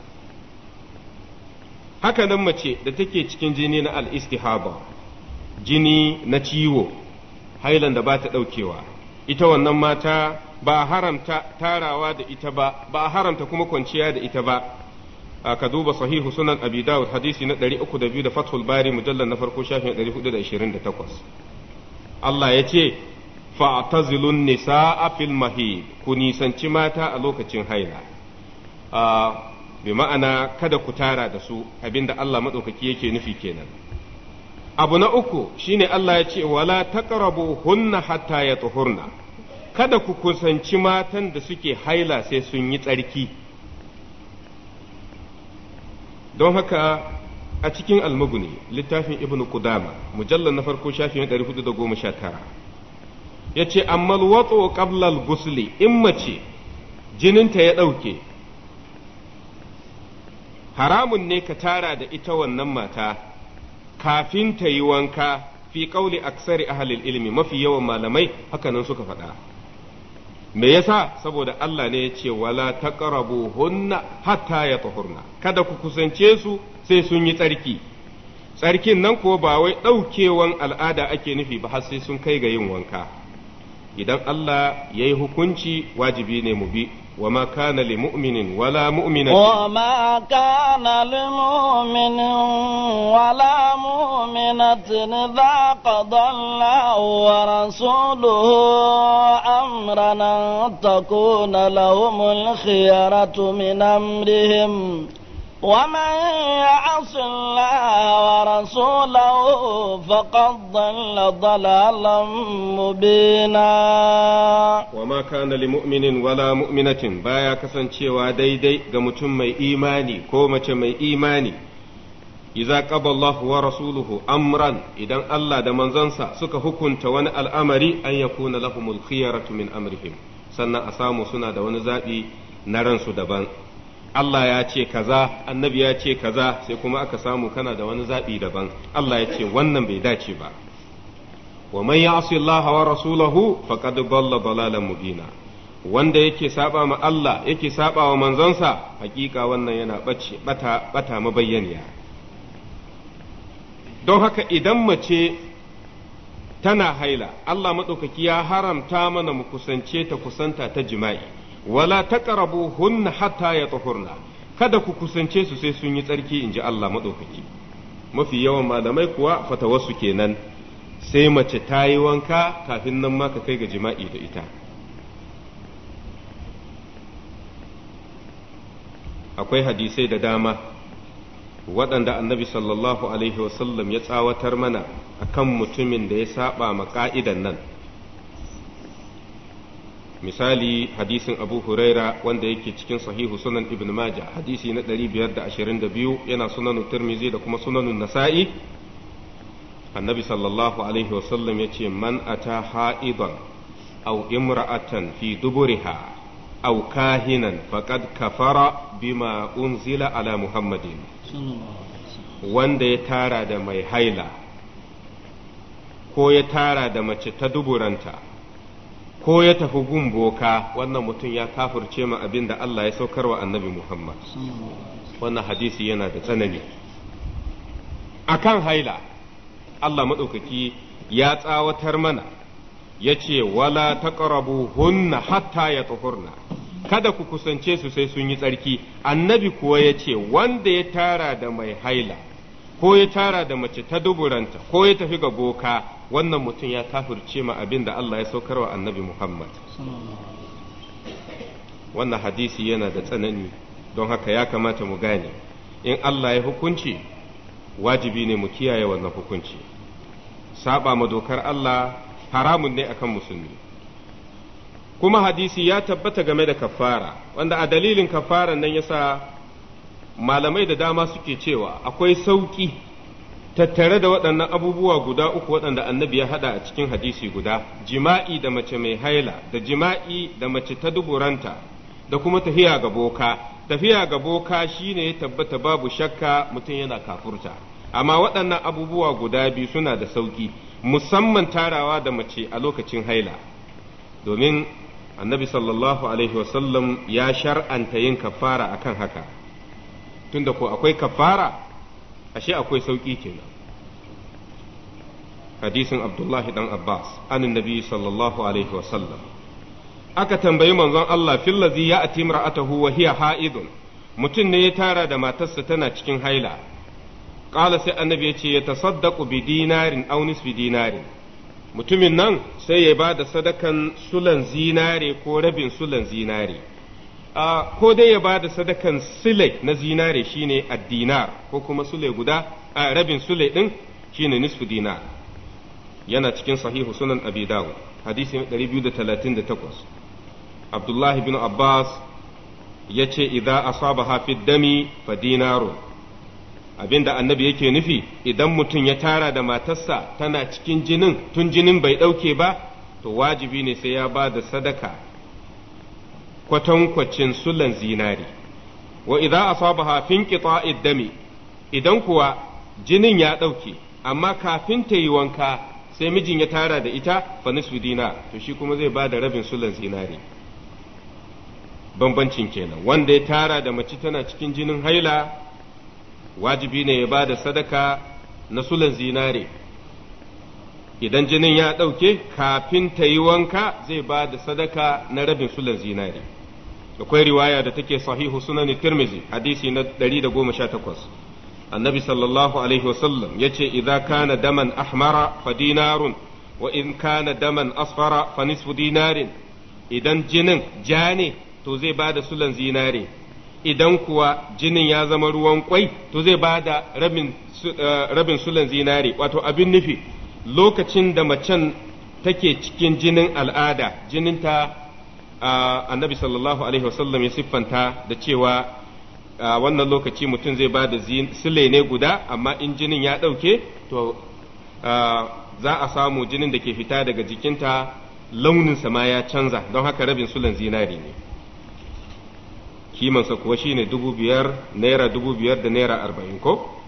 haka nan mace da take cikin jini na al-istihaba jini na ciwo hailan da ba ta ɗaukewa ita wannan mata ba a haramta tarawa da ita ba ba a haramta kuma kwanciya da ita ba ka duba sahihu sunan abi dawud hadisi na 302 da fathul bari mujallar na farko shafin 428 Allah ya ce fa'tazilun nisa'a fil mahid ku nisanci mata a lokacin haila bi ma'ana kada ku tara da su abinda Allah maɗaukaki yake nufi kenan abu na uku shine Allah ya ce wala taqrabu hunna hatta yatuhurna kada ku kusanci matan da suke haila sai sun yi tsarki don haka a cikin almaguni littafin ibnu kudama mujallar na farko shafin 419 ya ce wato qabla al-ghusli in mace jininta ya ɗauke haramun ne ka tara da ita wannan mata kafin ta yi wanka fi kauli aksari ahalil ilimi mafi yawan malamai hakanan suka faɗa me yasa saboda Allah ne ya ce wala taqrabu hunna hatta ya yatahurna kada ku kusance su sai sun yi tsarki tsarkin nan ko ba wai ɗaukewan al'ada ake nufi ba har sai sun kai ga yin wanka idan Allah ya yi hukunci wajibi ne mu bi وما كان لمؤمن ولا مؤمنة وما كان لمؤمن ولا مؤمنة إذا قضى الله ورسوله أمرا تكون لهم الخيرة من أمرهم ومن يعص الله ورسوله فقد ضل ضلالا مبينا وما كان لمؤمن ولا مؤمنة بايا كسن شيوا ديدي غمتم مي إيماني كومة مي إيماني إذا قضى الله ورسوله أمرا إذا الله دمن زنسا سكا حكم توان الأمر أن يكون لهم الخيرة من أمرهم سنة أسامو سنة دون زابي نرنسو دبان Allah ya ce kaza annabi ya ce kaza sai kuma aka samu kana da wani zaɓi daban Allah ya ce wannan bai dace ba wa man ya'si Allah wa rasulahu faqad dalla dalalan mubina wanda yake saba ma Allah yake saba wa manzonsa hakika wannan yana bace bata bata bayyaniya don haka idan mace tana haila Allah madaukaki ya haramta mana mu kusance ta kusanta ta jima'i wala taqrabu hunna hatta yatahurna kada ku kusance su sai sun yi tsarki in ji Allah maɗaukaki mafi yawan malamai kuwa wasu kenan sai mace ta yi wanka kafin nan ma ka kai ga jima'i da ita akwai hadisai da dama waɗanda annabi sallallahu alaihi wasallam ya tsawatar mana akan mutumin da ya saba ma ƙa'idan nan misali hadisin abu huraira wanda yake cikin sahihu sunan ibn maja hadisi na 522 yana sunanun turmizi da kuma sunanun nasa'i annabi sallallahu alaihi wasallam ya ce man ata ha'idan aw imra'atan fi duburiha aw kahinan faqad kafara bima unzila ala muhammadin wanda ya tara da mai haila ko ya tara da mace ta duburanta ko ya tafi gun boka wannan mutum ya kafurce ma abin da Allah ya saukar wa annabi Muhammad wannan hadisi yana da tsanani akan haila Allah maɗaukaki ya tsawatar mana ya ce wala taqrabu hunna hatta ya tuhurna kada ku kusance su sai sun yi tsarki annabi kuwa ya ce wanda ya tara da mai haila ko ya tara da mace ta duburanta ko ya tafi ga boka wannan mutum ya kafirce ma abin da Allah ya saukar wa annabi Muhammad wannan hadisi yana da tsanani don haka ya kamata mu gane in Allah ya hukunci wajibi ne mu kiyaye wannan hukunci saba ma dokar Allah haramun ne akan musulmi kuma hadisi ya tabbata game da kafara wanda a dalilin kafaran nan yasa malamai da dama suke cewa akwai sauƙi tattare da waɗannan abubuwa guda uku waɗanda annabi ya haɗa a cikin hadisi guda jima'i da mace mai haila da jima'i da mace ta duburanta da kuma tafiya ga boka tafiya ga boka shine ya tabbata babu shakka mutum yana kafurta amma waɗannan abubuwa guda biyu suna da sauƙi musamman tarawa da mace a lokacin haila domin annabi sallallahu alaihi wasallam ya shar'anta yin kafara akan haka tunda ko akwai kafara ashe akwai sauki kenan hadisin abdullahi dan abbas anin nabi sallallahu alaihi wasallam aka tambayi manzon Allah fillazi ya ati mar'atahu wa hiya ha'idun mutum ne ya tara da matarsa tana cikin haila ƙala sai annabi ya ce yatasaddaqu bi dinarin aw nisfi dinarin mutumin nan sai ya bada sadakan sulan zinare ko rabin sulan zinare ko dai ya ba da sadakan sule na zinare shine addinar ko kuma sule guda a rabin sule din shine nisfu dinar yana cikin sahihu sunan abi dawud hadisi 238 abdullahi bin abbas ya ce idza asaba hafi dami fa dinaru abinda annabi yake nufi idan mutum ya tara da matarsa tana cikin jinin tun jinin bai ɗauke ba to wajibi ne sai ya ba da sadaka kwatankwacin sulan zinari wa idza asabaha finqita'id dami idan kuwa jinin ya ɗauke amma kafin ta yi wanka sai mijin ya tara da ita fa nisfu dina to shi kuma zai bada rabin sulan zinari bambancin kenan wanda ya tara da mace tana cikin jinin haila wajibi ne ya bada sadaka na sulan zinari idan jinin ya ɗauke kafin ta yi wanka zai ba da sadaka na rabin sulan zinari akwai riwaya da take sahihu sunan tirmizi hadisi na 118 annabi sallallahu alaihi wasallam ce idza kana daman ahmara fa dinarun wa in kana daman asfara fa nisfu dinarin idan jinin ja ne to zai bada sulan zinare idan kuwa jinin ya zama ruwan kwai to zai bada rabin eh, rabin sulan zinare wato abin nufi lokacin da macen take cikin jinin al'ada jinin ta. annabi sallallahu alaihi wasallam ya siffanta da cewa a wannan lokaci mutum zai ba da sile ne guda amma in jinin ya ɗauke to za a samu jinin da ke fita daga jikinta launinsa ma ya canza don haka rabin sulan zinari ne kimansa kuwa shine dubu biyar naira dubu biyar da naira arba'in ko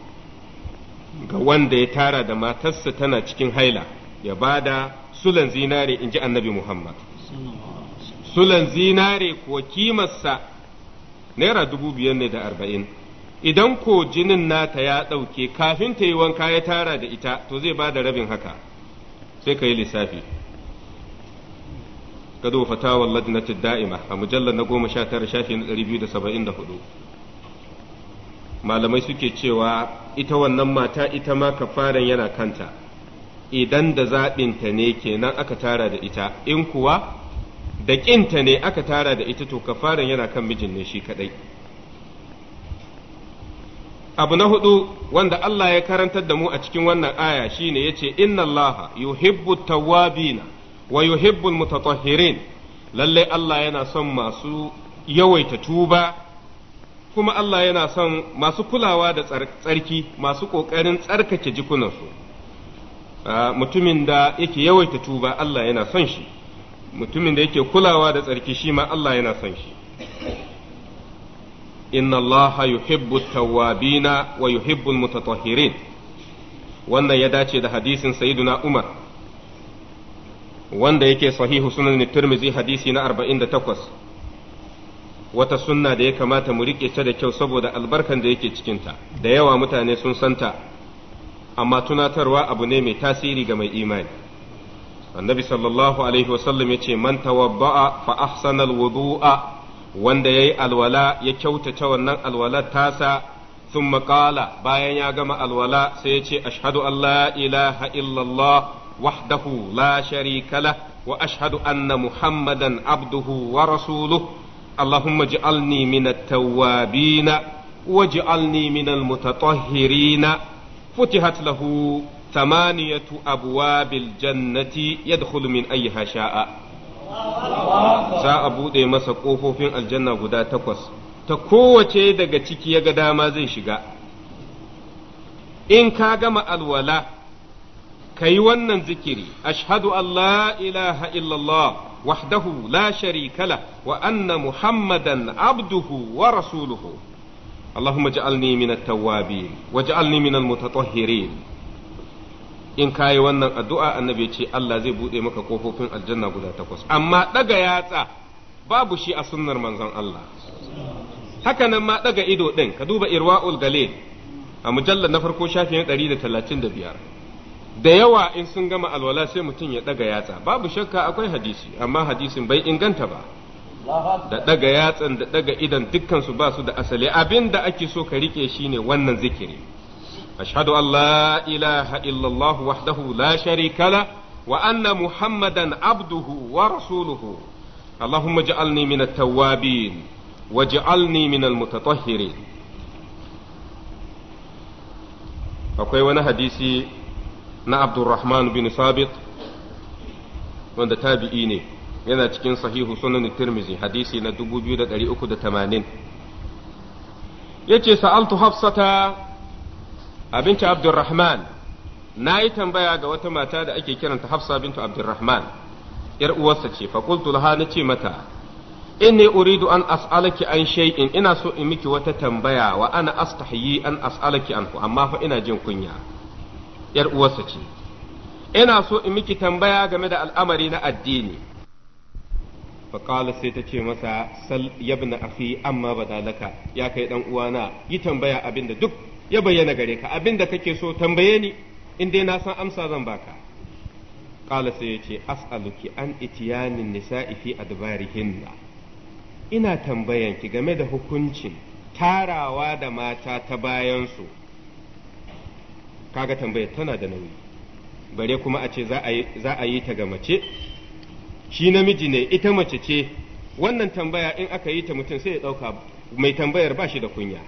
ga wanda ya tara da matarsa tana cikin haila ya ba da sulan zinari in ji annabi muhammad sulan zinare ko kimarsa naira dubu biyar ne da arba'in idan ko jinin nata ya ɗauke kafin ta yi wanka ya tara da ita to zai ba da rabin haka sai ka yi lissafi Ka gado fatawar ladinatin da'ima a mujallar na goma sha tara shafi na ɗari biyu da saba'in da hudu malamai suke cewa ita wannan mata ita ma kafaran yana kanta idan da zaɓinta ne kenan aka tara da ita in kuwa da ƙinta ne aka tara da ita to kafaran yana kan mijin ne shi kaɗai abu na hudu wanda Allah ya karantar da mu a cikin wannan aya shine yace inna Allah yuhibbu tawwabina wa yuhibbu almutatahhirin lalle Allah yana son masu yawaita tuba kuma Allah yana son masu kulawa da tsarki masu ƙoƙarin tsarkake jikunansu ah, mutumin da yake yawaita tuba Allah yana son shi mutumin da yake kulawa da tsarki shi ma Allah yana son shi inna Allah yuhibbu tawwabina wa yuhibbul mutatahhirin wannan ya dace da hadisin sayyiduna Umar wanda yake sahihu sunan Tirmidhi hadisi na 48 wata sunna da ya kamata mu rike ta da kyau saboda albarkan da yake cikinta da yawa mutane sun santa amma tunatarwa abu ne mai tasiri ga mai imani annabi sallallahu alaihi wasallam yace man tawabba'a fa ahsana alwudu'a wanda yayi alwala ya kyautata wannan alwala tasa thumma qala bayan ya gama alwala sai yace ashhadu an la ilaha illallah wahdahu la sharika lah wa ashhadu anna muhammadan abduhu wa rasuluhu اللهم اجعلني من التوابين min من المتطهرين فتحت له thamaniyatu abwabil jannati yadkhulu min ayyiha sha'a za a buɗe masa kofofin aljanna guda takwas ta kowace daga ciki ya ga dama zai shiga in ka gama alwala ka yi wannan zikiri ashhadu Allah ilaha illallah wahdahu la sharikala wa anna muhammadan abduhu wa rasuluhu اللهم اجعلني wa التوابين واجعلني من المتطهرين in ka yi wannan addu'a annabi ce Allah zai buɗe maka kofofin aljanna guda takwas amma ɗaga yatsa babu shi a sunnar manzon Allah haka nan ma ɗaga ido ɗin ka duba irwa'ul galil a mujallar na farko shafi shafin ɗari da talatin da da biyar, yawa in sun gama alwala sai mutum ya ɗaga yatsa babu shakka akwai hadisi amma hadisin bai inganta ba da ɗaga yatsan da ɗaga idan dukkansu su ba su da asali abin da ake so ka rike shine wannan zikiri ashhadu an la ilaha illallah wahdahu la sharika wa anna muhammadan abduhu wa rasuluhu allahumma ij'alni min at-tawwabin waj'alni akwai wani hadisi na Abdurrahman bin Sabit wanda tabi'i ne yana cikin sahihu sunan Tirmizi hadisi na da 2380 yace sa'altu Hafsata abinci abdurrahman na yi tambaya ga wata mata da ake kiranta hafsa bintu abdurrahman yar uwarsa ce fakultu laha na ce mata inni uridu an as'alaki an shay'in ina so in miki wata tambaya wa ana astahyi an as'alaki anhu amma fa ina jin kunya yar uwarsa ce ina so in miki tambaya game da al'amari na addini faƙala sai ta ce masa sal yabna afi amma badalaka ya kai dan uwana yi tambaya abinda duk ya bayyana gare ka abin da kake so tambaye ni in dai na san amsa zan baka qala sai yace as'aluki an itiyanin nisa'i fi adbarihinna ina tambayan ki game da hukuncin tarawa da mata ta bayan su kaga tambaya tana da nauyi bare kuma a ce za a yi ta ga mace shi namiji ne ita mace ce wannan tambaya in aka yi ta mutum sai ya ɗauka mai tambayar ba shi da kunya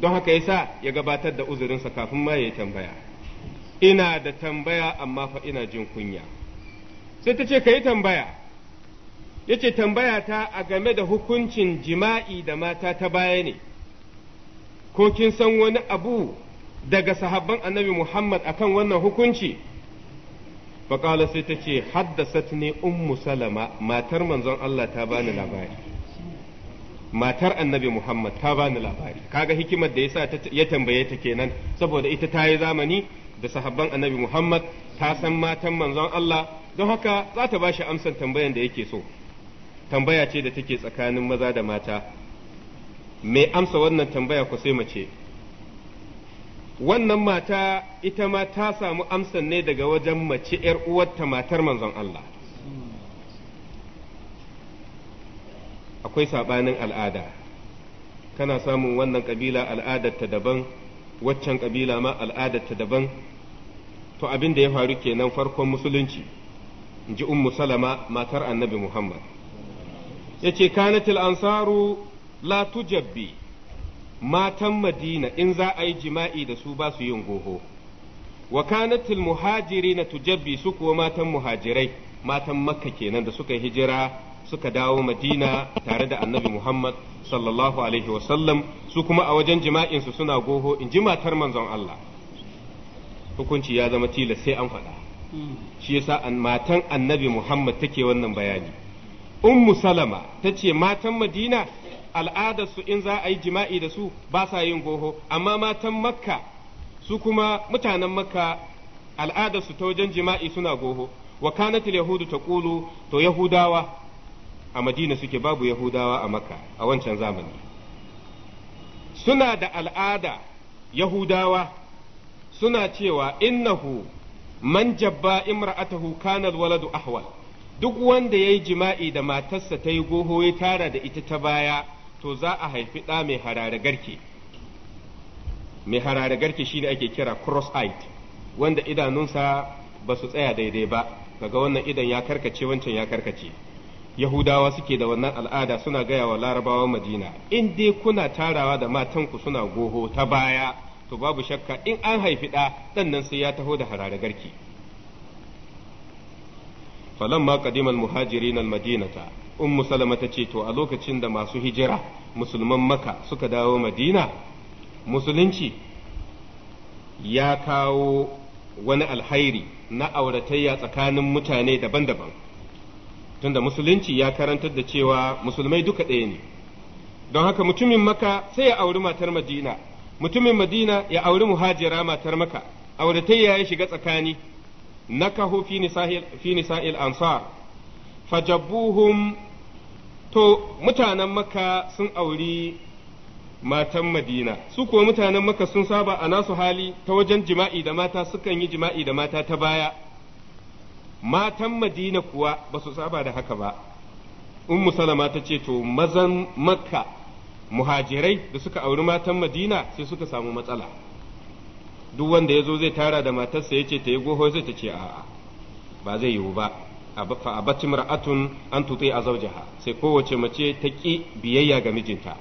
don haka yasa ya gabatar da uzurinsa kafin ma ya yi tambaya ina da tambaya amma fa ina jin kunya sai ta ce ka yi tambaya ya ce tambaya ta a game da hukuncin jima'i da mata ta baya ne ko kin san wani abu daga sahabban annabi muhammad akan wannan hukunci faƙala sai ta ce haddasat ne ummu salama matar manzon allah ta bani labari matar annabi Muhammad ta bani labari kaga hikimar da yasa ya tambaye ta kenan saboda ita ta yi zamani da sahabban annabi Muhammad ta san matan manzon Allah don haka za ta bashi amsan tambayan da yake so tambaya ce da take tsakanin maza da mata mai amsa wannan tambaya ku sai mace wannan mata ita ma ta samu amsan ne daga wajen mace 'yar uwarta matar manzon Allah akwai saɓanin al'ada kana samun wannan kabila al'adarta daban waccan kabila ma al'adarta daban to abin da ya faru kenan farkon musulunci in ji ummu salama matar annabi muhammad ya ce kanatil ansaru la tujabbi matan madina in za a yi jima'i da su ba su yin goho wa kanatil muhajiri na tujabbi su kuwa matan muhajirai matan makka kenan da suka hijira suka dawo madina tare da annabi muhammad sallallahu alaihi wasallam su kuma a wajen jima'insu suna goho in ji matar manzon allah hukunci ya zama tilas sai an faɗa shi yasa matan annabi muhammad take wannan bayani ummu salama ta ce matan madina al'adarsu in za a yi jima'i da su ba sa yin goho amma matan makka su kuma mutanen makka al'adarsu ta wajen jima'i suna goho wa kanat yahudu taqulu to yahudawa a madina suke babu yahudawa a makka a wancan zamani suna da al'ada yahudawa suna cewa innahu man jabba imra'atahu kanal waladu ahwal duk wanda ya yi jima'i da matarsa ta yi goho ya tara da ita ta baya to za a haifi ɗa mai harare garke mai harare garke shine ake kira cross-eyed wanda idanunsa ba su tsaya daidai ba kaga wannan idan ya karkace wancan ya karkace yahudawa suke da wannan al'ada suna gaya wa larabawa madina in dai kuna tarawa da matanku suna goho ta baya to babu shakka in an haifi ɗa ɗan nan sai ya taho da harare garki Falon ma muhajiri muhajirin al ta in salama ta ce to a lokacin da masu hijira musulman maka suka dawo madina musulunci ya kawo wani alhairi na auratayya tsakanin mutane daban-daban tunda musulunci ya karantar da cewa musulmai duka ɗaya ne don haka mutumin maka sai ya auri matar madina mutumin madina ya auri muhajira matar maka auratayya ya shiga tsakani nakahu fi nisa'il ansar fajabuhum to mutanen maka sun auri matan madina su kuwa mutanen maka sun saba a nasu hali ta wajen jima'i da mata sukan yi jima'i da mata ta baya matan madina kuwa ba su saba da haka ba ummu salama ta ce to mazan makka muhajirai da suka auri matan madina sai suka samu matsala duk wanda ya zo zai tara da matarsa ya ce ta yi goho zai ta ce a'a ba zai yiwu ba fa a bacci mar'atun an tuti a zaujaha sai kowace mace ta ƙi biyayya ga mijinta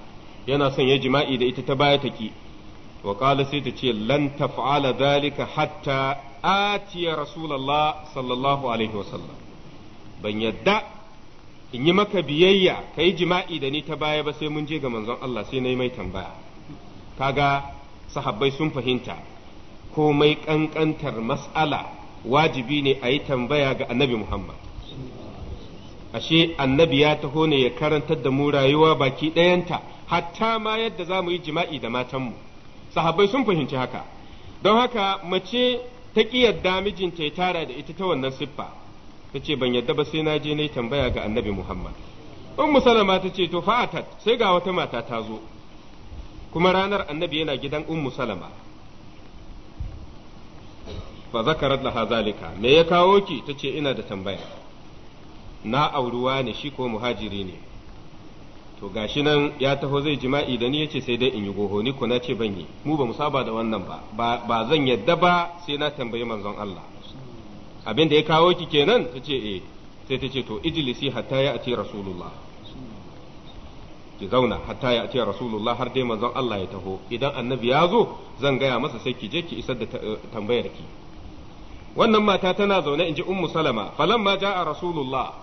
yana son ya jima'i da ita ta baya ta ƙi. Waƙala sai ta ce lan taf'ala dhalika hatta atiya rasulullah sallallahu alaihi wasallam ban yadda in yi maka biyayya kai jima'i da ni ta baya ba sai mun je ga manzon Allah sai na yi mai tambaya kaga sahabbai sun fahimta komai ƙanƙantar mas'ala wajibi ne a yi tambaya ga annabi Muhammad. Ashe annabi ya taho ne ya karantar da mu rayuwa baki ɗayanta, hatta ma yadda za mu yi jima'i da matanmu. sahabbai sun fahimci haka don haka mace ta ƙi yadda mijinta ya tara da ita ta wannan siffa ta ce ban yadda ba sai na je na yi tambaya ga annabi muhammad ummu salama ta ce to fa'atat sai ga wata mata ta zo kuma ranar annabi yana gidan ummu salama fa zakarat laha zalika me ya kawo ki tace ina da tambaya na auruwa ne shi ko muhajiri ne to gashi nan ya taho zai jima'i da ni ce sai dai in yi goho ni ko na ce ban yi mu ba mu saba da wannan ba ba zan yadda ba sai na tambayi manzon Allah abin da ya kawo ki kenan tace eh sai ta ce to ijlisi hatta ya ati rasulullah ki zauna hatta ya ati rasulullah har dai manzon Allah ya taho idan annabi ya zo zan gaya masa sai ki je ki isar da eh, tambayar ki wannan mata tana zaune in ji ummu salama falamma ja'a rasulullah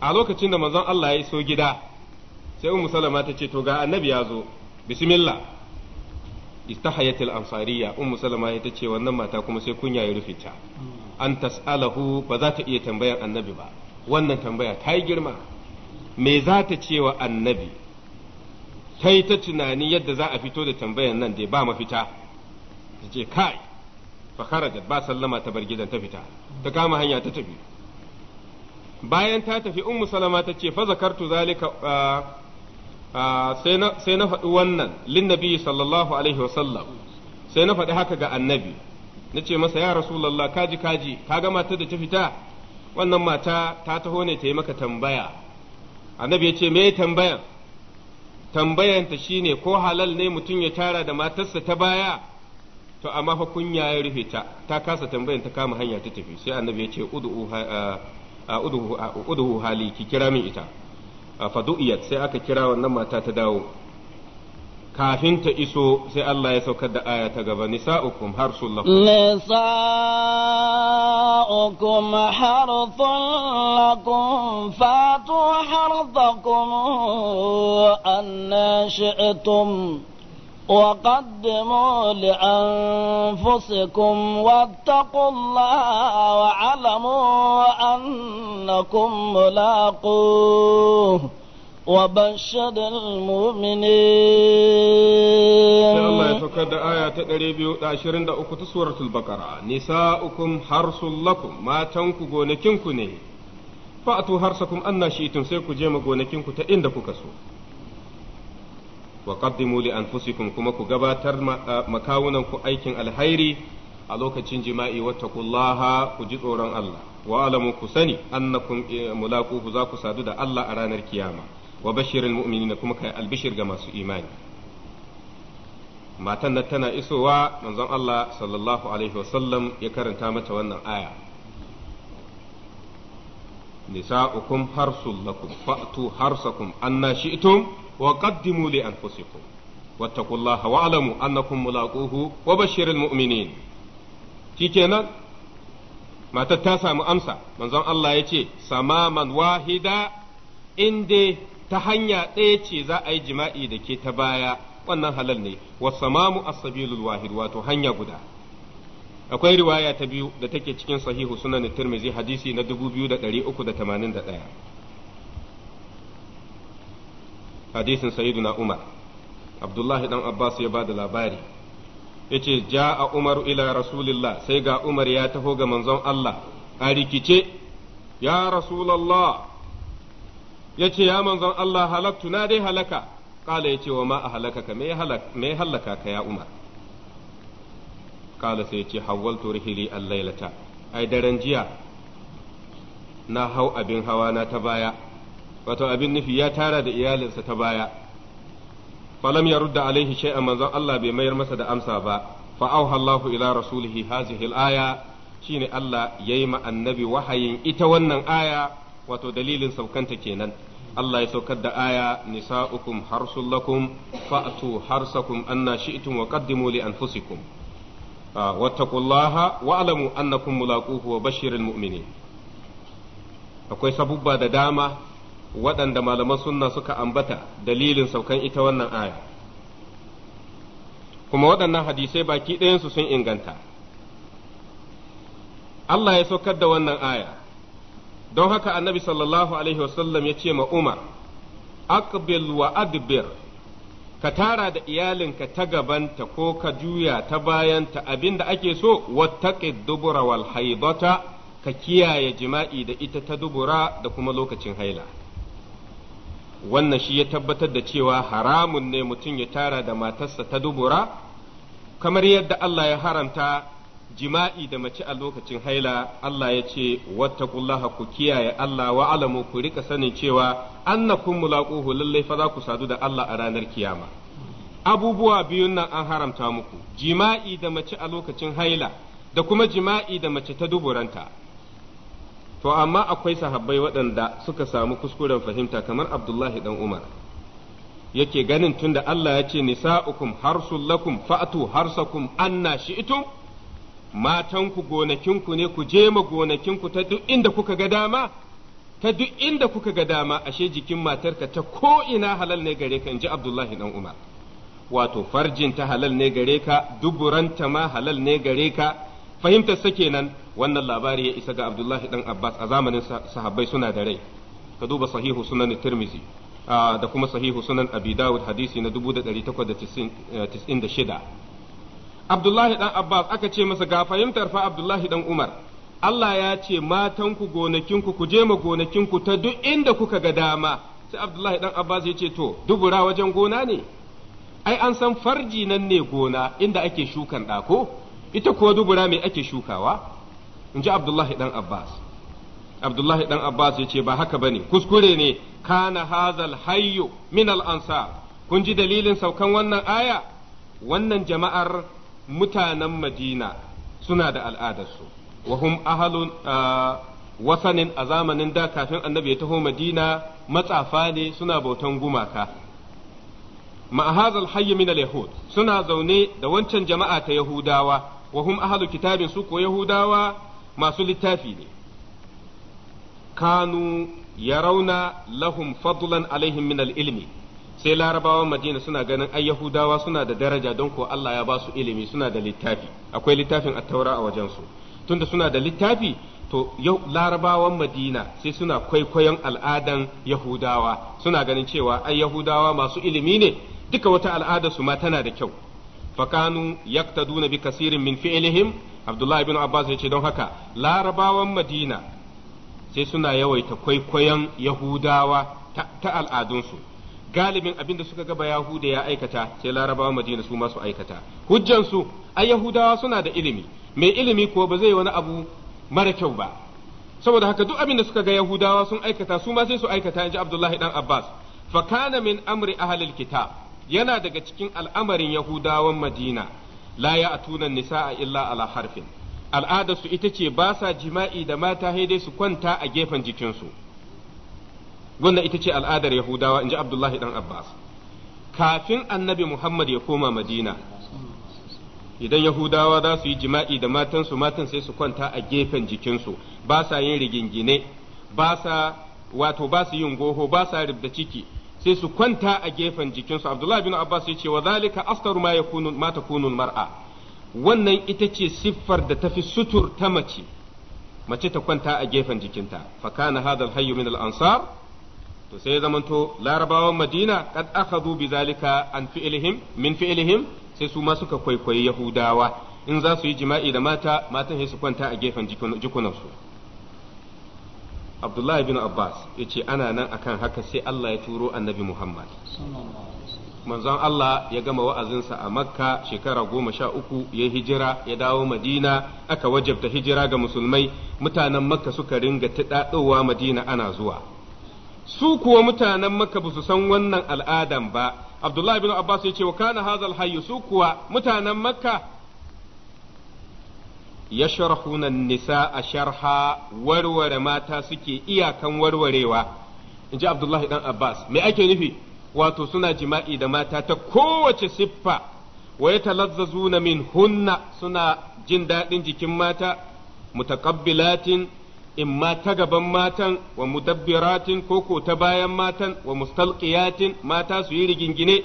a lokacin da manzon Allah ya iso gida sai umu salama ta ce to ga annabi ya zo bismillah istahayatil ansariya umu salama ita ce wannan mata kuma sai kunya ya rufe ta an tas'alahu ba za ta iya tambayar annabi ba wannan tambaya ta yi girma me za ta ce wa annabi ta yi ta tunani yadda za a fito da tambayar nan da ba mafita ta ce kai fa kharajat ba sallama ta bar gidan ta fita ta kama hanya ta tafi bayan ta tafi ummu salama ta ce fa zakartu zalika Ah, sai na faɗi wannan linnabi sallallahu alaihi wasallam sai na faɗi haka ga annabi na ce masa ya rasulallah kaji kaji ka ga mata da ta fita wannan mata ta taho ne ta yi maka tambaya annabi ya ce me tambayan tambayanta shine ko halal ne mutum ya tara da matarsa ta baya to amma fa kunya ya rufe ta ta kasa tambayan ta kama hanya ta tafi sai annabi ya ce udu ah, hali ki kira min ita fadu'iyat sai aka kira wannan mata ta dawo kafin ta iso sai Allah ya saukar da aya ta gaba nisa'ukum harsul lakum nisa'ukum harsul lakum fatu harthakum an shi'tum وقدموا لأنفسكم واتقوا الله واعلموا أنكم ملاقوه وبشر المؤمنين sai Allah ya saukar da aya ta 223 ta suratul baqara nisa'ukum harsul lakum matanku gonakinku ne fa'atu harsakum shi tun sai ku je ma gonakinku ta inda kuka so wa qaddimu li anfusikum kuma ku gabatar makawunanku aikin alhairi a lokacin jima'i wattaqullaha ku ji tsoron Allah wa alamu ku sani annakum e, mulaquhu za ku sadu da Allah a ranar kiyama wa bashiril mu'minina kuma kai albishir ga masu imani matan na tana isowa manzon Allah sallallahu alaihi wasallam ya karanta mata wannan aya nisa'ukum harsul lakum fa'tu harsakum anna shi'tum wa qaddimu li anfusikum wattaqullaha wa'lamu annakum mulaquhu wa bashiril mu'minin shikenan matar ta samu amsa manzon Allah ya ce samaman wahida inda ta hanya ɗaya ce za a yi jima'i da ke ta baya wannan halal ne wa samamu as-sabilul wato hanya guda akwai riwaya ta biyu da take cikin sahihu sunan tirmizi hadisi na da ɗaya. hadisin sayyiduna umar abdullahi dan abbas ya ba da labari yace ja'a Umar ila rasulillah sai ga umar ya taho ga manzon Allah a rikice ya rasulullah yace ya manzon Allah halaktu na dai halaka kala yace wa ma a halaka ka me me halaka ka ya umar kala sai yace hawaltu rihili al-lailata ai daren jiya na hau abin hawa na ta baya wato abin nufi ya tara da iyalinsa ta baya falam ya rudda alaihi shay'an manzon Allah bai mayar masa da amsa ba fa auha Allahu ila rasulihi hazihi al-aya shine Allah yayi ma annabi wahayin ita wannan aya wato dalilin saukanta kenan Allah ya saukar da aya nisa'ukum harsul lakum fa'tu harsakum anna shi'tum wa qaddimu li anfusikum ah, wattaqullaha wa'lamu annakum mulaquhu wa bashiril mu'minin akwai sabubba da dama waɗanda malaman sunna suka ambata dalilin saukan ita wannan aya kuma waɗannan hadisai baki ɗayansu sun inganta Allah ya saukar da wannan aya don haka annabi sallallahu alaihi wasallam ya ce ma Umar Akbil wa adbir ka tara da iyalinka ta gabanta ko ka juya ta bayanta abinda ake so wattaqi dubura wal haidata ka kiyaye jima'i da ita ta dubura da kuma lokacin haila wannan shi ya tabbatar da cewa haramun ne mutum ya tara da matarsa ta dubura kamar yadda Allah ya haramta jima'i da mace a lokacin haila Allah ya ce wattaqullaha ku kiyaye Allah wa alamu ku rika sanin cewa annakum mulaquhu lallai fa za ku sadu da Allah a ranar kiyama abubuwa biyun nan an haramta muku jima'i da mace a lokacin haila da kuma jima'i da mace ta duburanta to amma akwai sahabbai waɗanda suka samu kuskuren fahimta kamar abdullahi dan umar yake ganin tunda Allah ya ce nisa'ukum harsul lakum fa'tu harsakum anna shi'tum matanku gonakinku ne ku je ma gonakinku ta duk inda kuka ga dama ta duk inda kuka ga dama ashe jikin matarka ta ko ina halal ne gare ka inji Abdullahi dan Umar wato farjin ta halal ne gare ka duburanta ma halal ne gare ka fahimtar sa kenan wannan labari ya isa ga abdullahi dan abbas a zamanin sahabbai suna da rai ka duba sahihu sunan tirmizi da kuma sahihu sunan abi dawud hadisi na 1896 eh, abdullahi dan abbas aka ce masa ga fahimtar fa abdullahi dan umar Allah ya ce matanku gonakinku ku je ma gonakinku ta duk inda kuka ga dama sai Abdullahi dan Abbas ya ce to dubura wajen gona ne ai an san farji nan ne gona inda ake shukan ɗako ita kuwa dubura mai ake shukawa in ji abdullahi ɗan abbas abdullahi ɗan abbas ya ce ba haka ba ne kuskure ne kana hazal hayyu min al kun ji dalilin saukan wannan aya wannan jama'ar mutanen madina suna da al'adarsu wa hum ahalun wasanin a zamanin da kafin annabi ya taho madina matsafa ne suna bautan gumaka ma'ahazal hayyi min al-yahud suna zaune da wancan jama'a ta yahudawa wa hum ahalu kitabin su ko yahudawa masu littafi ne kanu yarawna lahum fadlan alaihim min ilmi sai larabawan madina suna ganin ai yahudawa suna da daraja don ko Allah ya ba su ilimi suna da littafi akwai littafin attaura a wajensu tunda suna da littafi to larabawan madina sai suna kwaikwayon al'adan yahudawa suna ganin cewa ai yahudawa masu ilimi ne duka wata al'ada su ma tana da kyau fakanu yaktaduna bi kasirin min fi'lihim Abdullahi bin Abbas ce don haka larabawan Madina sai suna yawaita kwaikwayon Yahudawa ta, al'adunsu galibin abin da suka gaba Yahuda ya aikata sai larabawan Madina su masu aikata hujjansu ai Yahudawa suna da ilimi mai ilimi kuwa ba zai wani abu mara kyau ba saboda haka duk abin da suka ga Yahudawa sun aikata su ma sai su aikata inji Abdullahi dan Abbas fakana min amri ahlil kitab yana daga cikin al'amarin yahudawan madina la ya atuna nisa'a illa ala harfin Al'ada su ita ce ba sa jima'i da mata dai su kwanta a gefen jikinsu wannan ita ce al'adar yahudawa inji ji abdullahi dan abbas kafin annabi muhammad ya koma madina idan yahudawa za su yi jima'i da matansu matan sai su kwanta a gefen jikinsu ba sa yin rigingine ba sa wato ba su yin goho ba sa rubda ciki sai su kwanta a gefen jikinsu abdullahi bin abbas ya ce wa zalika astaru ma yakunu ma takunu mar'a wannan ita ce siffar da tafi sutur ta mace mace ta kwanta a gefen jikinta fa kana hadha al min al-ansar to sai ya zamanto larabawan madina kad akhadhu bi zalika an fi'lihim min fi'lihim sai su ma suka kwaikwayi yahudawa in za su yi jima'i da mata matan sai su kwanta a gefen jikunansu abdullahi bin abbas ya ce ana nan akan haka sai allah ya turo annabi muhammad manzon allah ya gama wa'azinsa a makka shekara goma sha uku ya hijira ya dawo madina aka wajabta hijira ga musulmai mutanen makka suka ringa taɗaɗowa madina ana zuwa su kuwa mutanen makka ba su san wannan al'adan ba abdullahi bin abbas ya ce wa kana hazal hayyu su kuwa mutanen makka yashrahuna an a sharha warware mata suke iyakan warwarewa inji Abdullahi dan Abbas me ake nufi wato suna jima'i da mata ta kowace siffa wa na min hunna suna jin daɗin jikin mata in ma ta gaban matan wa mudabbiratin ko ta bayan matan wa mustalqiyatin mata su yi rigingine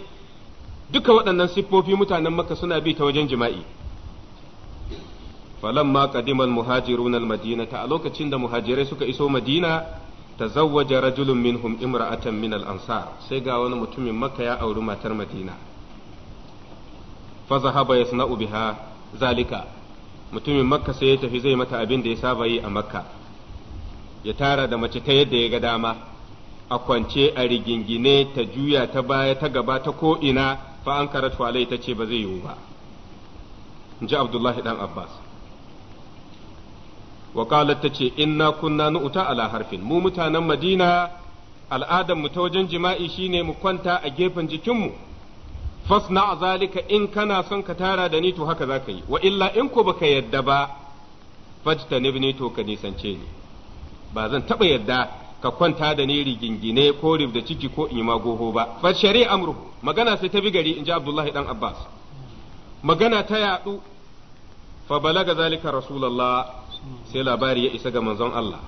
duka waɗannan siffofi mutanen maka suna bi ta wajen jima'i falamma qadimal muhajiruna almadinata a lokacin da muhajirai suka iso madina ta tazawwaja rajulun minhum imra'atan min al-ansar sai ga wani mutumin makka ya auri matar madina fa zahaba yasna'u biha zalika mutumin makka sai ya tafi zai mata abin da ya saba yi a makka ya tara da mace ta yadda ya ga dama a kwance a rigingine ta juya ta baya ta gaba ta ko ina fa an karatu alai ta ce ba zai yiwu ba in abdullahi ɗan abbas wa qalat tace inna kunna nu'ta ala harfin mu mutanen madina al'adan mu ta wajen jima'i shine mu kwanta a gefen jikinmu fas zalika in kana son ka tara da ni to haka zaka yi wa illa in ko baka yadda ba fajtanibni to ka nisance ni ba zan taba yadda ka kwanta da ni rigingine ko rib da ciki ko in yi magoho ba fa shari'a amruhu magana sai ta bi gari in ji Abdullahi dan Abbas magana ta yadu fa balaga zalika rasulullah sai labari ya isa ga manzon Allah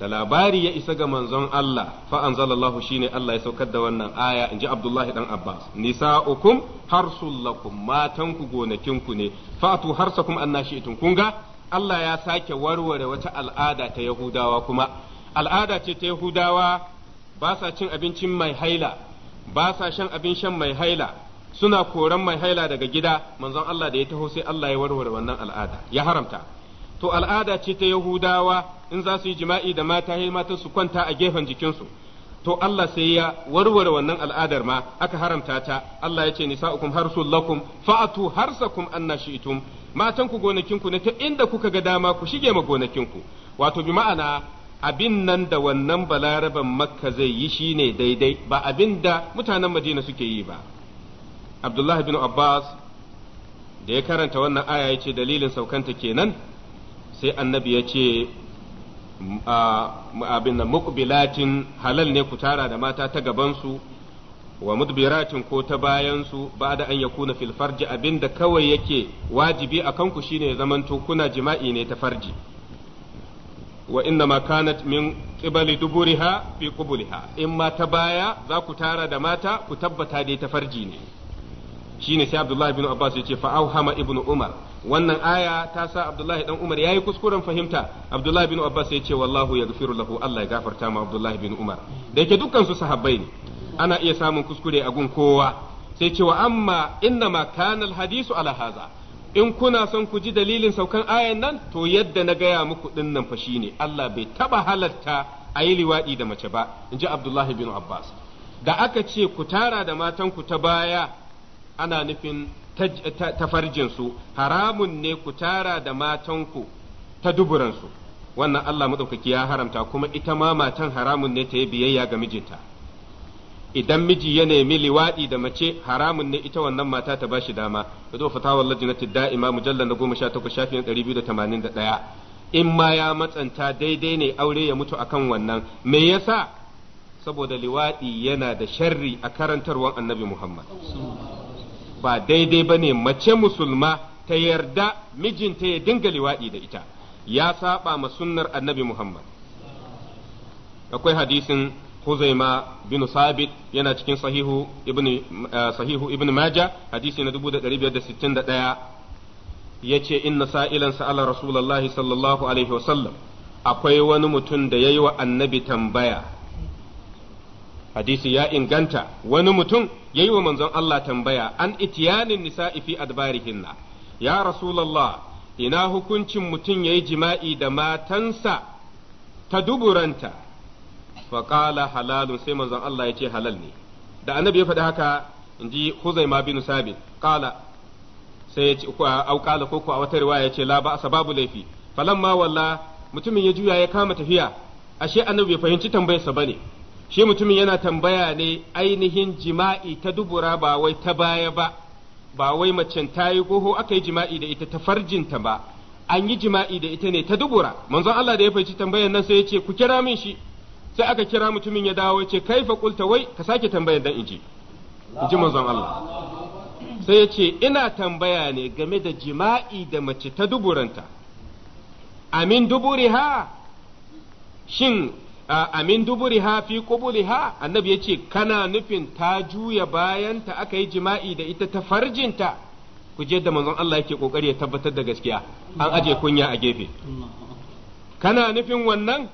da labari ya isa ga manzon Allah fa anzalallahu shine Allah ya saukar da wannan aya inji Abdullahi dan Abbas nisa'ukum harsul lakum matanku gonakinku ne fa fatu harsakum annashiitun kun ga Allah ya sake warware wata al'ada ta Yahudawa kuma al'ada ce ta Yahudawa ba sa cin abincin mai haila ba sa shan abin shan mai haila suna koran mai haila daga gida manzon Allah da ya taho sai Allah ya warware wannan al'ada ya haramta to al'ada ce ta Yahudawa in za su yi jima'i da mata sai matan su kwanta a gefen jikinsu to Allah sai ya warware wannan al'adar ma aka haramta ta Allah ya ce nisa'ukum harsul lakum fa'atu harsakum anna shi'tum matan ku gonakin ku ne ta inda kuka ga dama ku shige ma gonakin ku wato bi ma'ana abin nan da wannan balaraban makka zai yi shine daidai ba abin da mutanen madina suke yi ba Abdullahi bin abbas da ya karanta wannan aya ya ce dalilin saukanta kenan sai annabi ya ce abin da mukbilatin halal ne ku tara da mata ta gabansu wa mudbiratin ko ta bayansu ba da an yakuna fil farji abin da kawai yake wajibi a kanku shine ya zamanto kuna jima'i ne ta farji wa inna ma kanat min qibali duburiha fi qubuliha in ma ta baya za ku tara da mata ku tabbata dai ta farji ne shine sai Abdullahi bin Abbas yace fa auhama ibn Umar wannan aya ta sa Abdullahi dan Umar yayi kuskuren fahimta Abdullahi bin Abbas ce wallahu yaghfiru lahu Allah ya gafarta ma Abdullahi bin Umar da yake dukkan su sahabbai ne ana iya samun kuskure a gun kowa sai ce wa amma innama kana alhadisu ala haza in kuna son ku ji dalilin saukan ayan nan to yadda na gaya muku din nan fa shine Allah bai taba halatta a yi liwaɗi da mace ba in ji Abdullahi bin Abbas da aka ce ku tara da matan ku ta baya ana nufin tafarjinsu haramun ne ku tara da matanku ta duburansu wannan Allah maɗaukaki ya haramta kuma ita ma matan haramun ne ta yi biyayya ga mijinta idan miji ya nemi liwaɗi da mace haramun ne ita wannan mata ta bashi dama da zo fatawar na da'ima mujallar na goma sha takwas shafin ɗari biyu da tamanin da ɗaya in ma ya matsanta daidai ne aure ya mutu akan wannan me yasa saboda liwaɗi yana da sharri a karantarwar annabi muhammad ba daidai ba ne mace musulma ta yarda mijinta ya dinga liwaɗi da ita ya saba ma sunnar annabi Muhammad akwai hadisin Huzaima bin Sabit yana cikin sahihu ibn eh, sahihu ibn Majah hadisi na 1561 yace inna sa'ilan sa'ala Rasulullahi sallallahu alaihi wasallam akwai wani mutum da yayi wa annabi tambaya hadisi ya inganta wani mutum yayi wa manzon Allah tambaya an itiyanin nisa'i fi adbarihinna ya rasulullah ina hukuncin mutum yayi jima'i da matansa ta duburanta faƙala halalun sai manzon Allah ya ce halal ne da annabi ya faɗi haka in ji Huzaima bin Sabit ƙala sai ya ce au ƙala ko a wata riwaya ya ce la ba'sa babu laifi falamma walla mutumin ya juya ya kama tafiya ashe annabi bai fahimci tambayarsa ba ne. shi mutumin yana tambaya ne ainihin jima'i ta dubura ba wai ta baya ba ba wai macen ta yi goho aka yi jima'i da ita ta farjinta ba an yi jima'i da ita ne ta dubura manzon Allah da ya fahimci tambayar nan sai ya ce ku kira min shi sai aka kira mutumin ya dawo ya ce kai fa kulta wai ka sake tambayar dan inji inji manzon Allah sai ya ce ina tambaya ne game da jima'i da mace ta duburanta amin duburi ha shin amin ha fi ha annabi yace kana nufin ta juya bayanta aka yi jima'i da ita ta farjinta ku je da manzon Allah yake kokari ya tabbatar da gaskiya an aje kunya a gefe kana nufin wannan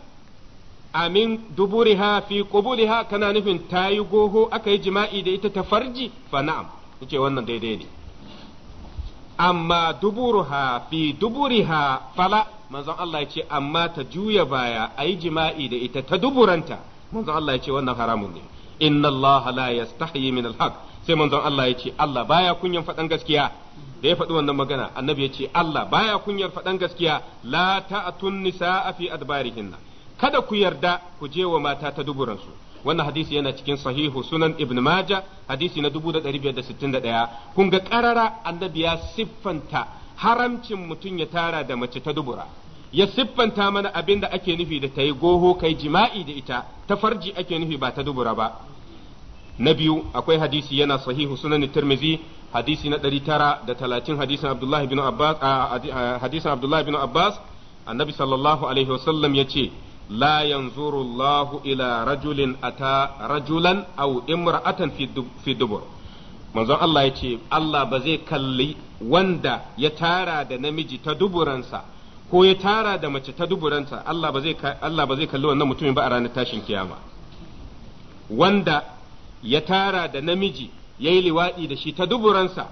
amin ha fi ha kana nufin ta yi goho aka yi jima'i da ita ta farji fa na'am yace wannan daidai ne amma duburuha fi duburiha fala manzon Allah ya ce amma ta juya baya ayi jima'i da ita ta duburanta manzon Allah ya ce wannan haramun ne inna Allah la yastahyi min haq sai manzon Allah ya ce Allah baya kunyan faɗan gaskiya da ya faɗi wannan magana annabi ya ce Allah baya kunyar faɗan gaskiya la ta'tun nisaa fi adbarihinna kada ku yarda ku je wa mata ta duburansu wannan hadisi yana cikin sahihu sunan ibn maja hadisi na 1561 kun ga karara annabi ya siffanta haramcin mutum ya tara da mace ta dubura ya siffanta mana abin da ake nufi da ta yi goho kai jima'i da ita ta farji ake nufi ba ta dubura ba na biyu akwai hadisi yana sahihu sunan tirmizi hadisi na 930 hadisin abdullahi bin abbas ah, ah, hadisin abdullahi bin abbas annabi sallallahu alaihi wasallam ya ce la yanzuru Allahu ila rajulin ata rajulan aw imra'atan fi dubur manzon Allah ya ce Allah ba zai kalli wanda ya tara da namiji ta duburansa ko ya tara da mace ta duburansa Allah ba zai Allah ba zai kalli wannan mutumin ba a ranar tashin kiyama wanda ya tara da namiji ya yi liwaɗi da shi ta duburansa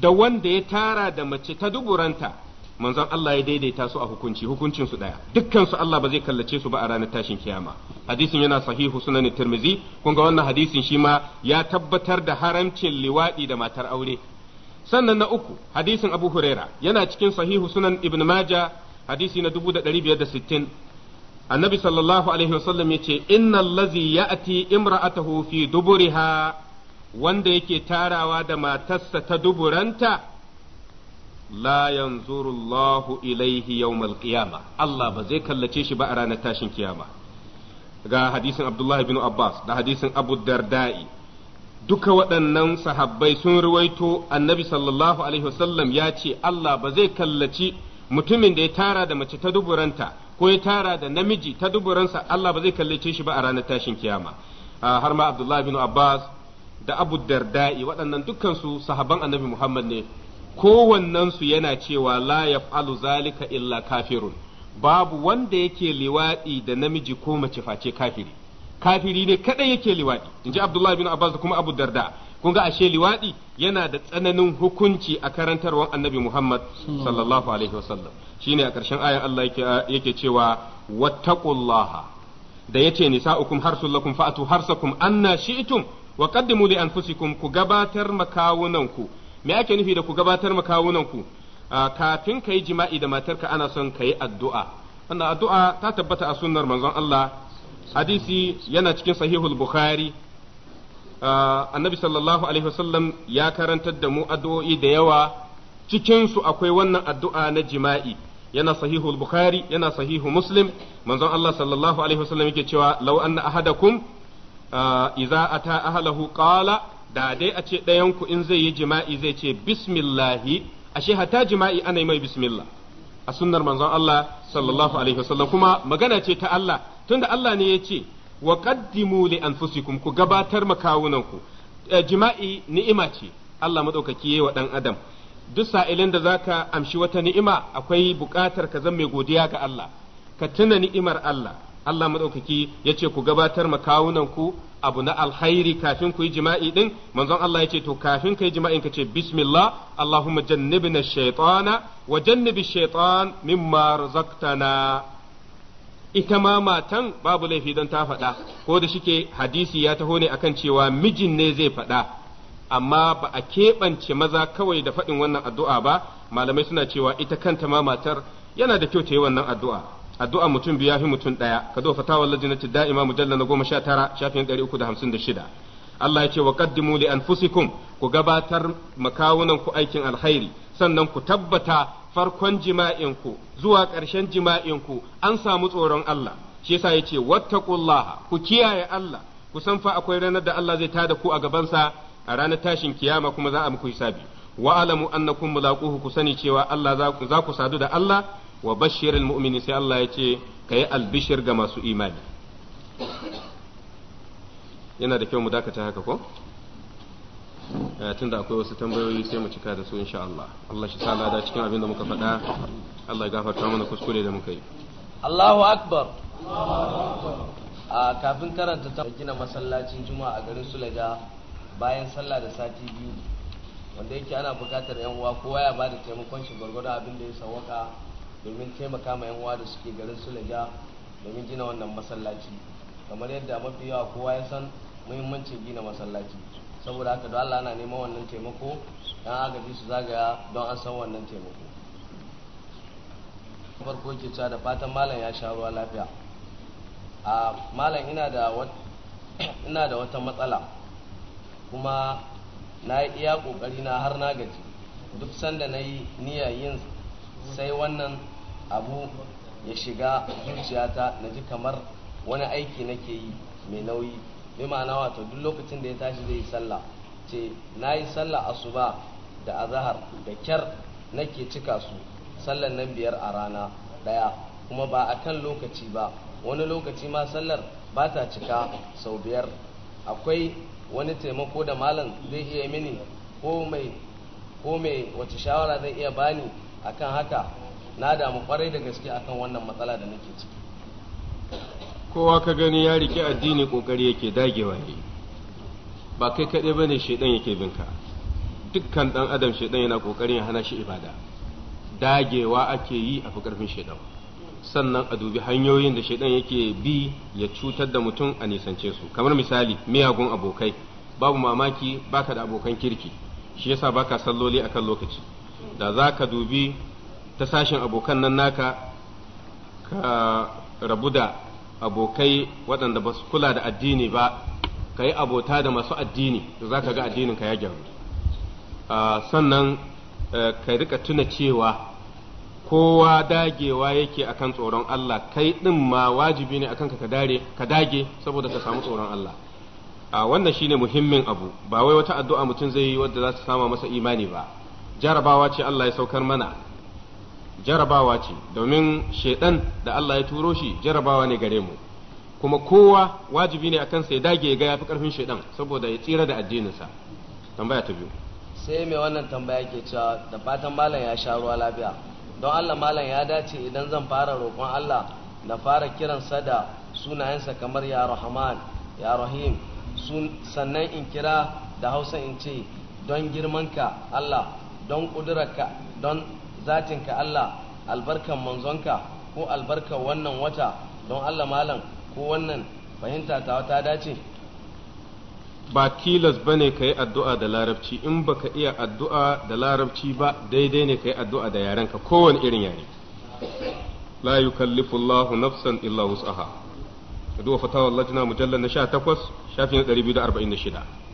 da wanda ya tara da mace ta duburanta manzon Allah ya daidaita su a hukunci hukuncin su daya dukkan su Allah ba zai kallace su ba a ranar tashin kiyama hadisin yana sahihu sunan tirmizi kun ga wannan hadisin shi ma ya tabbatar da haramcin liwadi da matar aure sannan na uku hadisin abu huraira yana cikin sahihu sunan ibn maja hadisi na 1560 annabi sallallahu alaihi wasallam yace innal ladzi ya'ti imra'atahu fi duburiha wanda yake tarawa da matarsa ta duburanta la yanzuru Allahu ilaihi yawmal qiyama Allah ba zai kallace shi ba a ranar tashin kiyama ga hadisin Abdullah bin Abbas da hadisin Abu Darda'i duka waɗannan sahabbai sun ruwaito annabi sallallahu alaihi wasallam ya ce Allah ba zai kallaci mutumin da ya tara da mace ta duburanta ko ya tara da namiji ta duburansa Allah ba zai kallace shi ba a ranar tashin kiyama ah, har ma Abdullah bin Abbas da Abu Darda'i waɗannan dukkan su sahabban annabi Muhammad ne kowannensu yana cewa la yaf'alu zalika illa kafirun babu wanda yake liwaɗi da namiji ko mace face kafiri kafiri ne kadai yake liwaɗi in ji abdullahi bin abbas da kuma abu darda kun ga ashe liwaɗi yana da tsananin hukunci a karantarwar annabi muhammad sallallahu alaihi wasallam ne a ƙarshen ayan allah yake cewa wattaqullaha da yace nisa'ukum harsulakum fa'atu harsakum anna shi'tum wa qaddimu li anfusikum ku gabatar makawunanku me ake nufi da ku gabatar ma kawunan ku kafin ka yi jima'i da matarka ana son ka yi addu'a wannan addu'a ta tabbata a sunnar manzon Allah hadisi yana cikin sahihul bukhari annabi sallallahu alaihi wasallam ya karantar da mu addu'o'i da yawa cikin su akwai wannan addu'a na jima'i yana sahihul bukhari yana sahihu muslim manzon Allah sallallahu alaihi wasallam yake cewa law anna ahadakum idza ata ahlahu qala da dai a ce ɗayanku in zai yi jima'i zai ce bismillahi ashe hatta jima'i ana yi mai bismillah a sunnar manzon Allah sallallahu alaihi wasallam kuma magana ce ta Allah tunda Allah ne ya ce wa qaddimu li anfusikum ku gabatar makawunanku eh, jima'i ni'ima ce Allah madaukaki yayi wa dan adam duk sa'ilin da zaka amshi wata ni'ima akwai buƙatar ka zan mai godiya ga Allah ka tuna ni'imar Allah Allah madaukaki yace ku gabatar makawunanku abu na alkhairi kafin ku yi jima'i din manzon Allah ya ce to kafin ka kai jima'in ka ce bismillah Allahumma jannibna shaytana wa jannibi shaytan mimma razaqtana ita ma matan babu laifi don ta faɗa ko da shike hadisi ya taho ne akan cewa mijin ne zai faɗa amma ba a keɓance maza kawai da faɗin wannan addu'a ba malamai suna cewa ita kanta ma matar yana da kyau ta yi wannan addu'a addu'a mutum biya fi mutum ɗaya ka zo fatawa lajinati da'ima mujalla na goma sha tara shafin ɗari uku da hamsin da shida Allah ya ce wa qaddimu li anfusikum ku gabatar makawunan ku aikin alkhairi sannan ku tabbata farkon jima'in ku zuwa ƙarshen jima'in ku an samu tsoron Allah shi yasa wata wattaqullaha ku kiyaye Allah ku san fa akwai ranar da Allah zai tada ku a gabansa a ranar tashin kiyama kuma za a muku hisabi wa alamu annakum mulaquhu ku sani cewa Allah za ku sadu da Allah wa bashiril mu'mini sai Allah ya ce ka yi albishir ga masu imani yana da kyau mu dakata haka ko eh, tunda akwai wasu tambayoyi sai mu cika da su insha Allah Allah shi sala da cikin abin da muka faɗa Allah ya gafarta mana kuskure da muka yi Allahu akbar a kafin karanta ta gina masallacin juma'a a garin Sulaja bayan sallah da sati biyu wanda yake ana buƙatar yan uwa kowa ya bada taimakon shi gwargwadon abin da ya sawaka domin taimaka ma yan da suke garin sulaja domin gina wannan masallaci kamar yadda mafi yawa kowa ya san muhimmancin gina masallaci saboda haka don Allah ana neman wannan taimako dan agaji su zagaya don an san wannan taimako farko ke cewa da fatan malam ya sha ruwa lafiya a malam ina da ina da wata matsala kuma na yi iya kokari na har na gaji duk sanda na yi niyyar yin sai wannan abu ya shiga zuciyata na ji kamar wani aiki nake yi mai nauyi bi ma'ana wato duk lokacin da ya tashi zai yi sallah ce na yi sallah asuba da azahar da kyar nake cika su sallar nan biyar a rana daya kuma ba a kan lokaci ba wani lokaci ma sallar ba ta cika sau biyar akwai wani taimako da malam zai iya mini ko mai wace shawara zai iya bani akan haka na damu kwarai da gaske akan wannan matsala da nake ciki kowa ka gani ya rike addini kokari yake dagewa ne ba kai kaɗai bane shedan yake binka dukkan dan adam shedan yana kokarin ya hana shi ibada dagewa ake yi a fi karfin shedan sannan a dubi hanyoyin da shaidan yake bi ya cutar da mutum a nisance su kamar misali miyagun abokai babu mamaki baka da abokan kirki shi yasa baka salloli akan lokaci da za ka dubi ta sashen abokan nan naka ka rabu da abokai waɗanda ba su kula da addini ba ka yi abota da masu addini da za ka ga addininka ya gyaru sannan e, ka rika tuna cewa kowa dagewa yake akan tsoron Allah kai ɗin ma wajibi ne akan ka dare ka dage saboda ka samu tsoron Allah a wannan ne muhimmin abu ba wai wata addu'a mutum zai yi wadda za ta sama masa imani ba jarabawa ce Allah ya saukar mana jarabawa ce domin shaidan da Allah ya turo shi jarabawa ne gare mu kuma kowa wajibi ne akan sai dage ga yafi karfin shaidan saboda ya tsira da addininsa tambaya ta biyu sai mai wannan tambaya ke cewa da fatan malam ya sha ruwa lafiya don Allah malam ya dace idan zan fara roƙon Allah na fara kiransa da sunayensa kamar ya Rahman ya Rahim sannan in kira da Hausa in ce don girmanka Allah don ƙudurarka don zatinka Allah albarkan manzonka ko albarkan wannan wata don Allah malam ko wannan fahimta ta dace ba kilas ba ne ka yi addu'a da larabci in baka iya addu'a da larabci ba daidai ne ka yi addu'a da yarenka kowane irin yare la yukallifu Allahu nafsan illa wus'aha duba fatawar lajna mujallar na 18 shafin 246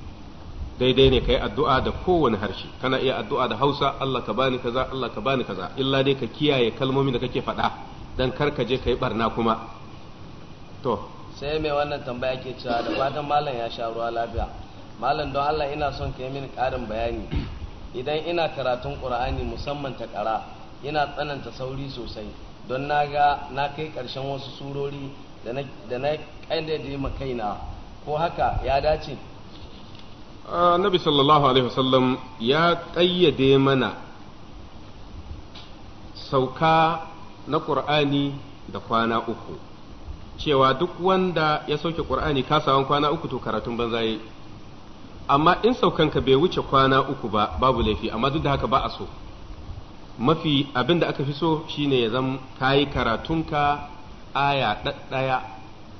daidai ne ka yi addu'a da kowane harshe kana iya addu'a da Hausa Allah ka bani kaza Allah ka bani kaza illa dai ka kiyaye kalmomi da kake faɗa dan kar ka je kai barna kuma to sai mai wannan tambaya ke cewa da fatan malam ya sha ruwa lafiya malam don Allah ina son ka yi mini ƙarin bayani idan ina karatun Qur'ani musamman ta ƙara ina tsananta sauri sosai don na ga na kai ƙarshen wasu surori da na ƙayyade ma kaina ko haka ya dace Nabi sallallahu Alaihi wasallam ya ƙayyade mana sauka na ƙur'ani da kwana uku cewa duk wanda ya sauke ƙur'ani kasawan kwana uku to karatun banzaye amma in saukanka bai wuce kwana uku ba babu laifi amma duk da haka ba a so mafi abin da aka fi so shine ya zama ka yi karatunka aya ɗaya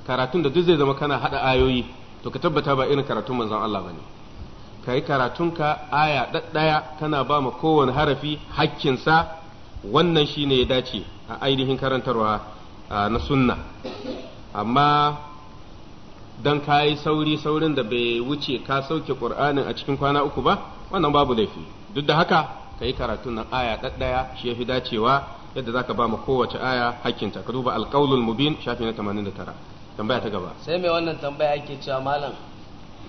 karatun da duk zai zama kana haɗa ayoyi to ka tabbata ba irin karatun manzon Allah bane ka yi karatunka aya ɗaɗɗaya kana ba mu kowane harafi hakkinsa wannan shi ne ya dace a ainihin karantarwa na sunna amma don ka sauri saurin da bai wuce ka sauke ƙur'anin a cikin kwana uku ba wannan babu laifi duk da haka ka yi karatun nan aya ɗaɗɗaya shi yafi dacewa yadda za ka ba ma kowace aya hakkinta ka duba alƙaulul mubin shafi na 89 tambaya ta gaba sai mai wannan tambaya ake cewa malam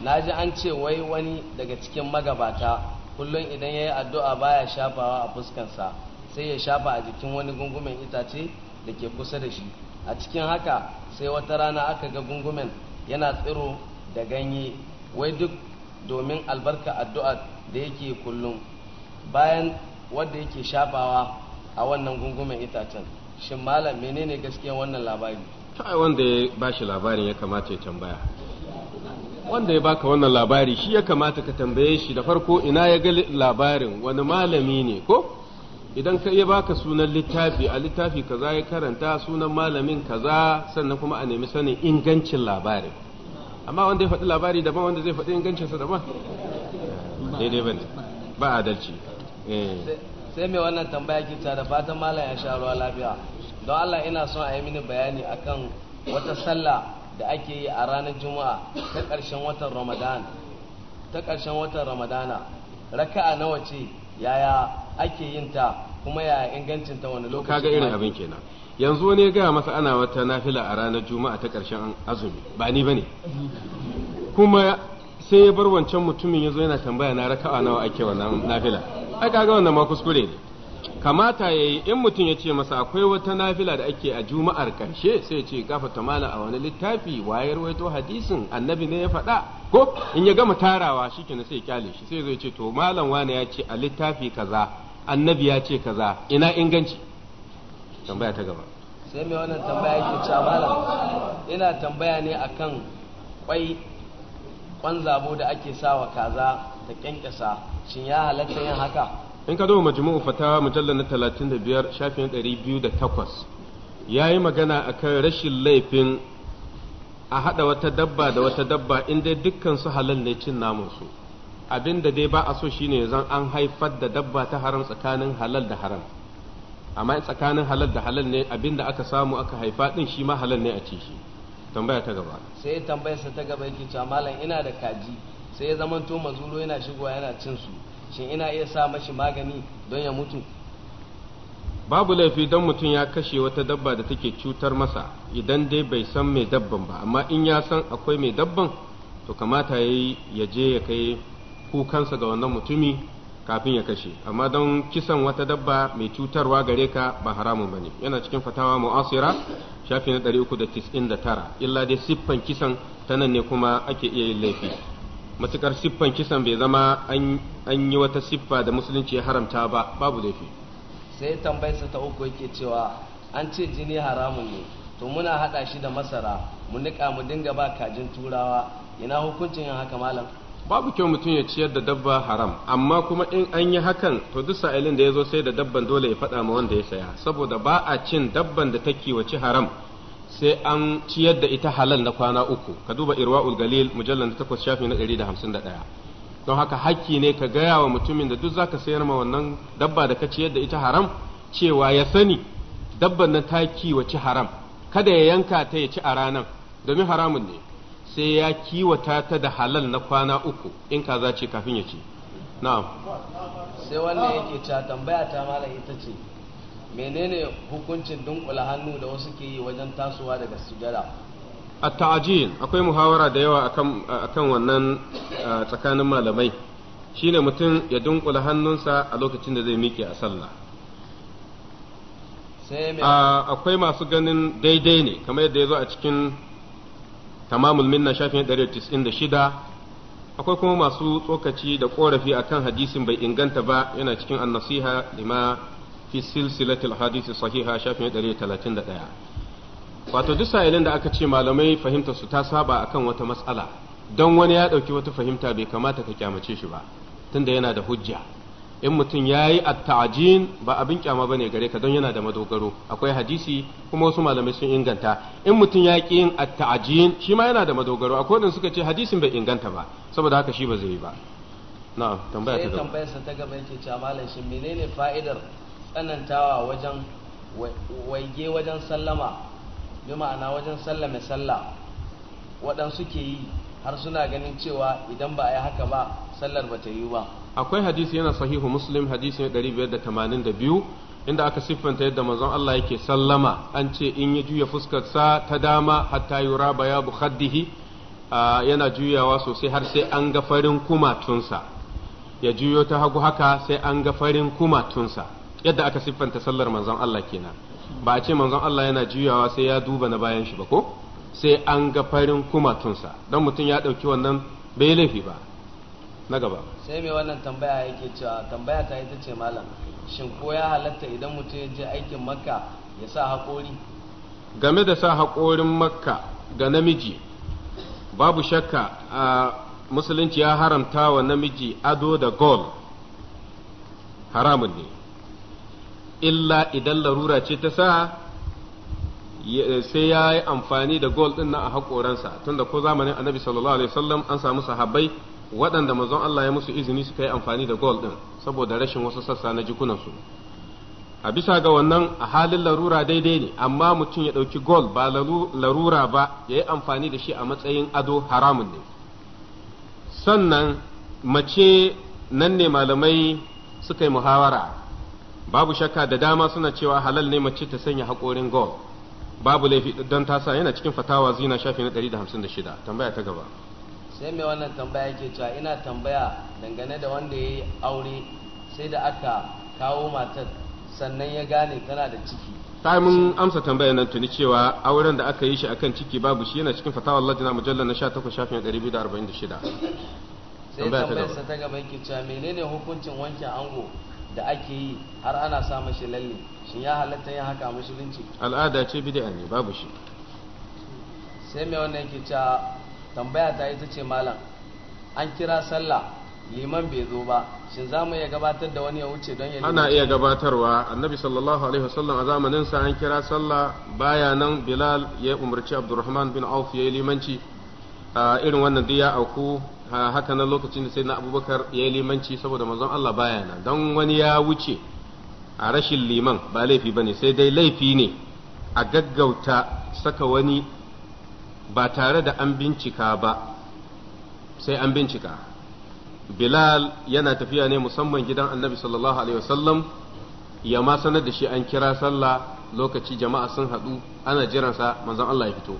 na ji an ce wai wani daga cikin magabata kullum idan ya yi addu'a baya shafawa a fuskansa sai ya shafa a jikin wani gungumen itace da ke kusa da shi a cikin haka sai wata rana aka ga gungumen yana tsiro da ganye wai duk domin albarka addu'a da yake kullum bayan wadda yake shafawa a wannan gungumen itacen shin malam menene gaskiya wannan labari ta wanda ya bashi labarin ya kamata ya tambaya wanda ya baka wannan labari shi ya kamata ka tambaye shi da farko ina ya ga labarin wani malami ne ko idan ka iya baka sunan littafi a littafi kaza ya karanta sunan malamin kaza sannan kuma a nemi sanin ingancin labarin amma wanda ya faɗi labari daban wanda zai faɗi ingancinsa daban daidai ba ne ba adalci eh. sai mai wannan tambaya ke da fatan malam ya sha ruwa lafiya don Allah ina son a yi mini bayani akan wata sallah da ake yi a ranar juma'a ta ƙarshen watan ramadan ta ƙarshen watan ramadana raka'a nawa ce yaya ake yin ta kuma ya ingancin ta wani lokaci kaga irin abin kenan yanzu ne ga masa ana wata nafila a ranar juma'a ta ƙarshen azumi ba ni bane kuma sai ya bar wancan mutumin yazo yana tambaya na raka'a nawa ake wannan nafila ai kaga wannan ma kuskure ne kamata ya yi in mutum ya ce masa akwai wata nafila da ake a juma'ar ƙarshe sai ce kafa ta mala a wani littafi wayar waito hadisin annabi ne ya faɗa ko in ya gama tarawa shi kenan sai kyale shi sai zai ce to malam wane ya ce a littafi kaza annabi ya ce kaza ina inganci tambaya ta gaba sai mai wannan tambaya ke cewa malam ina tambaya ne akan kwai kwan zabo da ake sawa kaza ta kyankyasa shin ya halatta yin haka in ka zo majmu'u fatawa mujalla na 35 shafin 208 yayi magana akan rashin laifin a hada wata dabba da wata dabba in dai dukkan su halal ne cin namun su abin da dai ba a so shine zan an haifar da dabba ta haram tsakanin halal da haram amma tsakanin halal da halal ne abin da aka samu aka haifa din shi ma halal ne a ci shi tambaya ta gaba sai tambayarsa ta gaba yake cewa malam ina da kaji sai ya zamanto mazuro yana shigowa yana cin su shin ina iya sa mashi magani don ya mutu babu laifi don mutum ya kashe wata dabba da take cutar masa idan dai bai san mai dabban ba amma in ya san akwai mai dabban to kamata ya ya je ya kai kukansa ga wannan mutumi kafin ya kashe amma don kisan wata dabba mai cutarwa gare ka ba haramun bane yana cikin fatawa mu'asira shafi na 399 illa dai siffan kisan ta nan ne kuma ake iya yin laifi matukar siffan kisan bai zama an yi wata siffa da musulunci ya haramta ba babu laifi sai tambayarsa ta uku yake cewa an ce jini haramun ne to muna haɗa shi da masara mu nika mu dinga ba kajin turawa ina hukuncin yin haka malam babu kyau mutum ya ciyar da dabba haram amma kuma in an yi hakan to duk sa'ilin da ya zo sai da dabban dole ya faɗa ma wanda ya saya saboda ba a cin dabban da take wace haram sai an ciyar da ita halal na kwana uku ka duba irwa'ul ulgalil mujallar da takwas shafi na 151 da hamsin da don haka hakki ne ka gaya wa mutumin da duk ka sayar ma wannan dabba da ka ciyar da ita haram cewa ya sani dabban na ta kiwaci haram kada ya yanka ta ya ci a ranan domin haramun ne sai ya kiwata ta da halal na kwana uku in kaza ce kafin ya ci na'am sai wannan yake ta tambaya ta malam ita ce menene hukuncin dunkula hannu da wasu ke yi wajen tasowa daga sujada a ta'ajil akwai muhawara da yawa kan wannan tsakanin malamai shine mutum ya dunkula hannunsa a lokacin da zai miƙe a sallah akwai masu ganin daidai ne kamar yadda ya zo a cikin tamamul minna shafin 196 akwai kuma masu tsokaci da korafi akan hadisin bai inganta ba yana cikin annasiha lima fi silsilatul hadisi sahiha shafin 131 wato duk sa'ilin da aka ce malamai fahimta su ta saba akan wata matsala don wani ya ɗauki wata fahimta bai kamata ka kyamace shi ba tunda yana da hujja in mutum ya yi attajin ba abin kyama ba ne gare ka don yana da madogaro akwai hadisi kuma wasu malamai sun inganta in mutum ya ƙi yin attajin shi ma yana da madogaro akwai wanda suka ce hadisin bai inganta ba saboda haka shi ba zai yi ba na'am tambaya ta gaba sai tambayar sa ta gaba yake cewa malam shin menene fa'idar tsanantawa wajen waige wajen sallama bi ma'ana wajen sallame sallah waɗansu ke yi har suna ganin cewa idan ba a yi haka ba sallar ba ta yi ba akwai hadisi yana sahihu muslim hadisi ne 582 inda aka siffanta yadda manzon Allah yake sallama an ce in ya juya fuskarsa ta dama hatta yura baya ya yana juyawa sosai har sai an ga farin kumatunsa ya juyo ta hagu haka sai an ga farin kumatunsa yadda aka siffanta sallar manzon Allah kenan ba a ce manzon Allah yana juyawa sai ya duba na bayan shi ba ko sai an ga farin kumatunsa don mutum ya ɗauki wannan bai laifi ba na gaba sai mai wannan tambaya yake cewa tambaya ta ita ce malam shin ko ya halatta idan mutum ya je aikin makka ya sa haƙori game da sa haƙorin makka ga namiji babu shakka a musulunci ya haramta wa namiji ado da gol haramun ne illa idan larura ce ta sa sai ya yi amfani da gol ɗin na a haƙoransa tunda ko zamanin annabi sallallahu alaihi wasallam an samu sahabbai waɗanda mazan Allah ya musu izini suka yi amfani da gol ɗin saboda rashin wasu sassa na jikunansu a bisa ga wannan a halin larura daidai ne amma mutum ya ɗauki gol ba larura ba ya yi amfani da shi a matsayin ado haramun ne sannan mace nan ne malamai suka yi muhawara babu shakka da dama suna cewa halal ne mace ta sanya haƙorin gold babu laifi don tasa yana cikin fatawa zina shafi na 156 tambaya ta gaba sai mai wannan tambaya ke cewa ina tambaya dangane da wanda ya yi aure sai da aka kawo matar sannan ya gane tana da ciki ta mun amsa tambaya nan tuni cewa auren da aka yi shi akan ciki babu shi yana cikin fatawa lajina mujalla na 18 shafin 246 sai tambayarsa ta gaba ke cewa menene hukuncin wanke ango da ake yi har ana sa mashi lalle shin ya halatta yin haka musulunci al'ada ce bid'a ne babu shi sai mai wannan yake cewa tambaya ta ita ce malam an kira sallah liman bai zo ba shin za mu iya gabatar da wani ya wuce don ya ana iya gabatarwa annabi sallallahu alaihi wasallam a zamanin sa an kira sallah baya nan bilal ya umarci abdurrahman bin auf ya yi limanci ah, irin wannan duk ya auku haka nan lokacin da sai na abubakar ya yi limanci saboda mazan Allah baya nan don wani ya wuce a rashin liman ba laifi ba ne sai dai laifi ne a gaggauta saka wani ba tare da an bincika ba sai an bincika bilal yana tafiya ne musamman gidan annabi sallallahu alaihi wasallam ya ma sanar da shi an kira sallah lokaci jama'a sun haɗu ana jiransa manzon Allah ya fito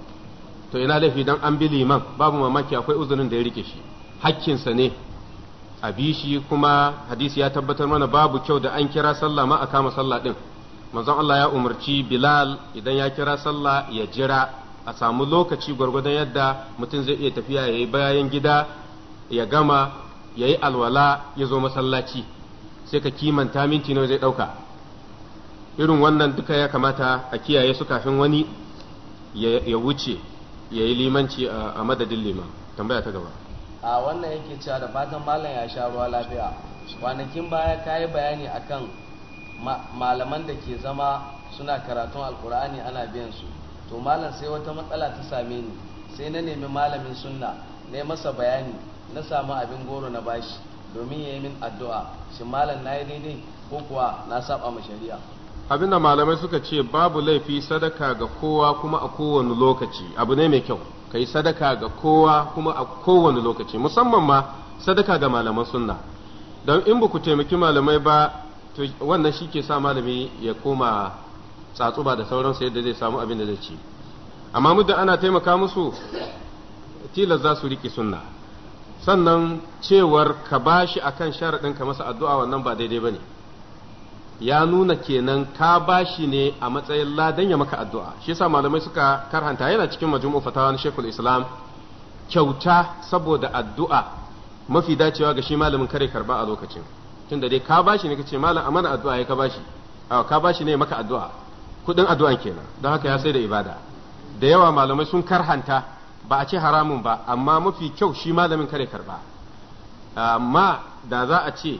to ina laifi dan an bi liman babu mamaki akwai uzurin da ya rike shi hakkinsa ne a bishi kuma hadisi ya tabbatar mana babu kyau da an kira sallah ma a kama sallah din manzon Allah ya umarci Bilal idan ya kira sallah ya jira a samu lokaci gwargwadon yadda mutum zai iya tafiya ya yi bayan gida ya gama ya yi alwala ya zo masallaci sai ka kimanta minti nawa zai ɗauka irin wannan duka ya kamata a kiyaye su kafin wani ya wuce ya yi limanci a madadin liman tambaya ta gaba a wannan yake cewa da fatan malam ya sha ruwa lafiya kwanakin baya ka yi bayani a kan malaman da ke zama suna karatun alkur'ani ana biyan su to malam sai wata matsala ta same ni sai na nemi malamin sunna na masa bayani na samu abin goro na bashi domin ya yi min addu'a shi malam na yi daidai ko kuwa na saba ma shari'a abinda malamai suka ce babu laifi sadaka ga kowa kuma a kowane lokaci abu ne mai kyau ka yi sadaka ga kowa kuma a kowane lokaci musamman ma sadaka ga malaman sunna don in ba ku taimaki malamai ba to wannan shi ke sa malami ya koma tsatsuba da sauransu yadda zai samu abin da zai ci amma muddin ana taimaka musu tilas za su riƙe sunna sannan cewar ka ba shi akan sharaɗin ka masa addu'a wannan ba daidai ba ne ya nuna kenan ka bashi ne a matsayin ladan ya maka addu'a shi yasa malamai suka karhanta yana cikin majmu'u fatawa na Sheikhul Islam kyauta saboda addu'a mafi dacewa ga shi malamin kare karba a lokacin tunda dai ka bashi ne kace malam amana addu'a ya ka bashi a ka bashi ne maka addu'a kudin addu'an kenan don haka ya sai da ibada da yawa malamai sun karhanta ba a ce haramun ba amma mafi kyau shi malamin kare karba amma da za a ce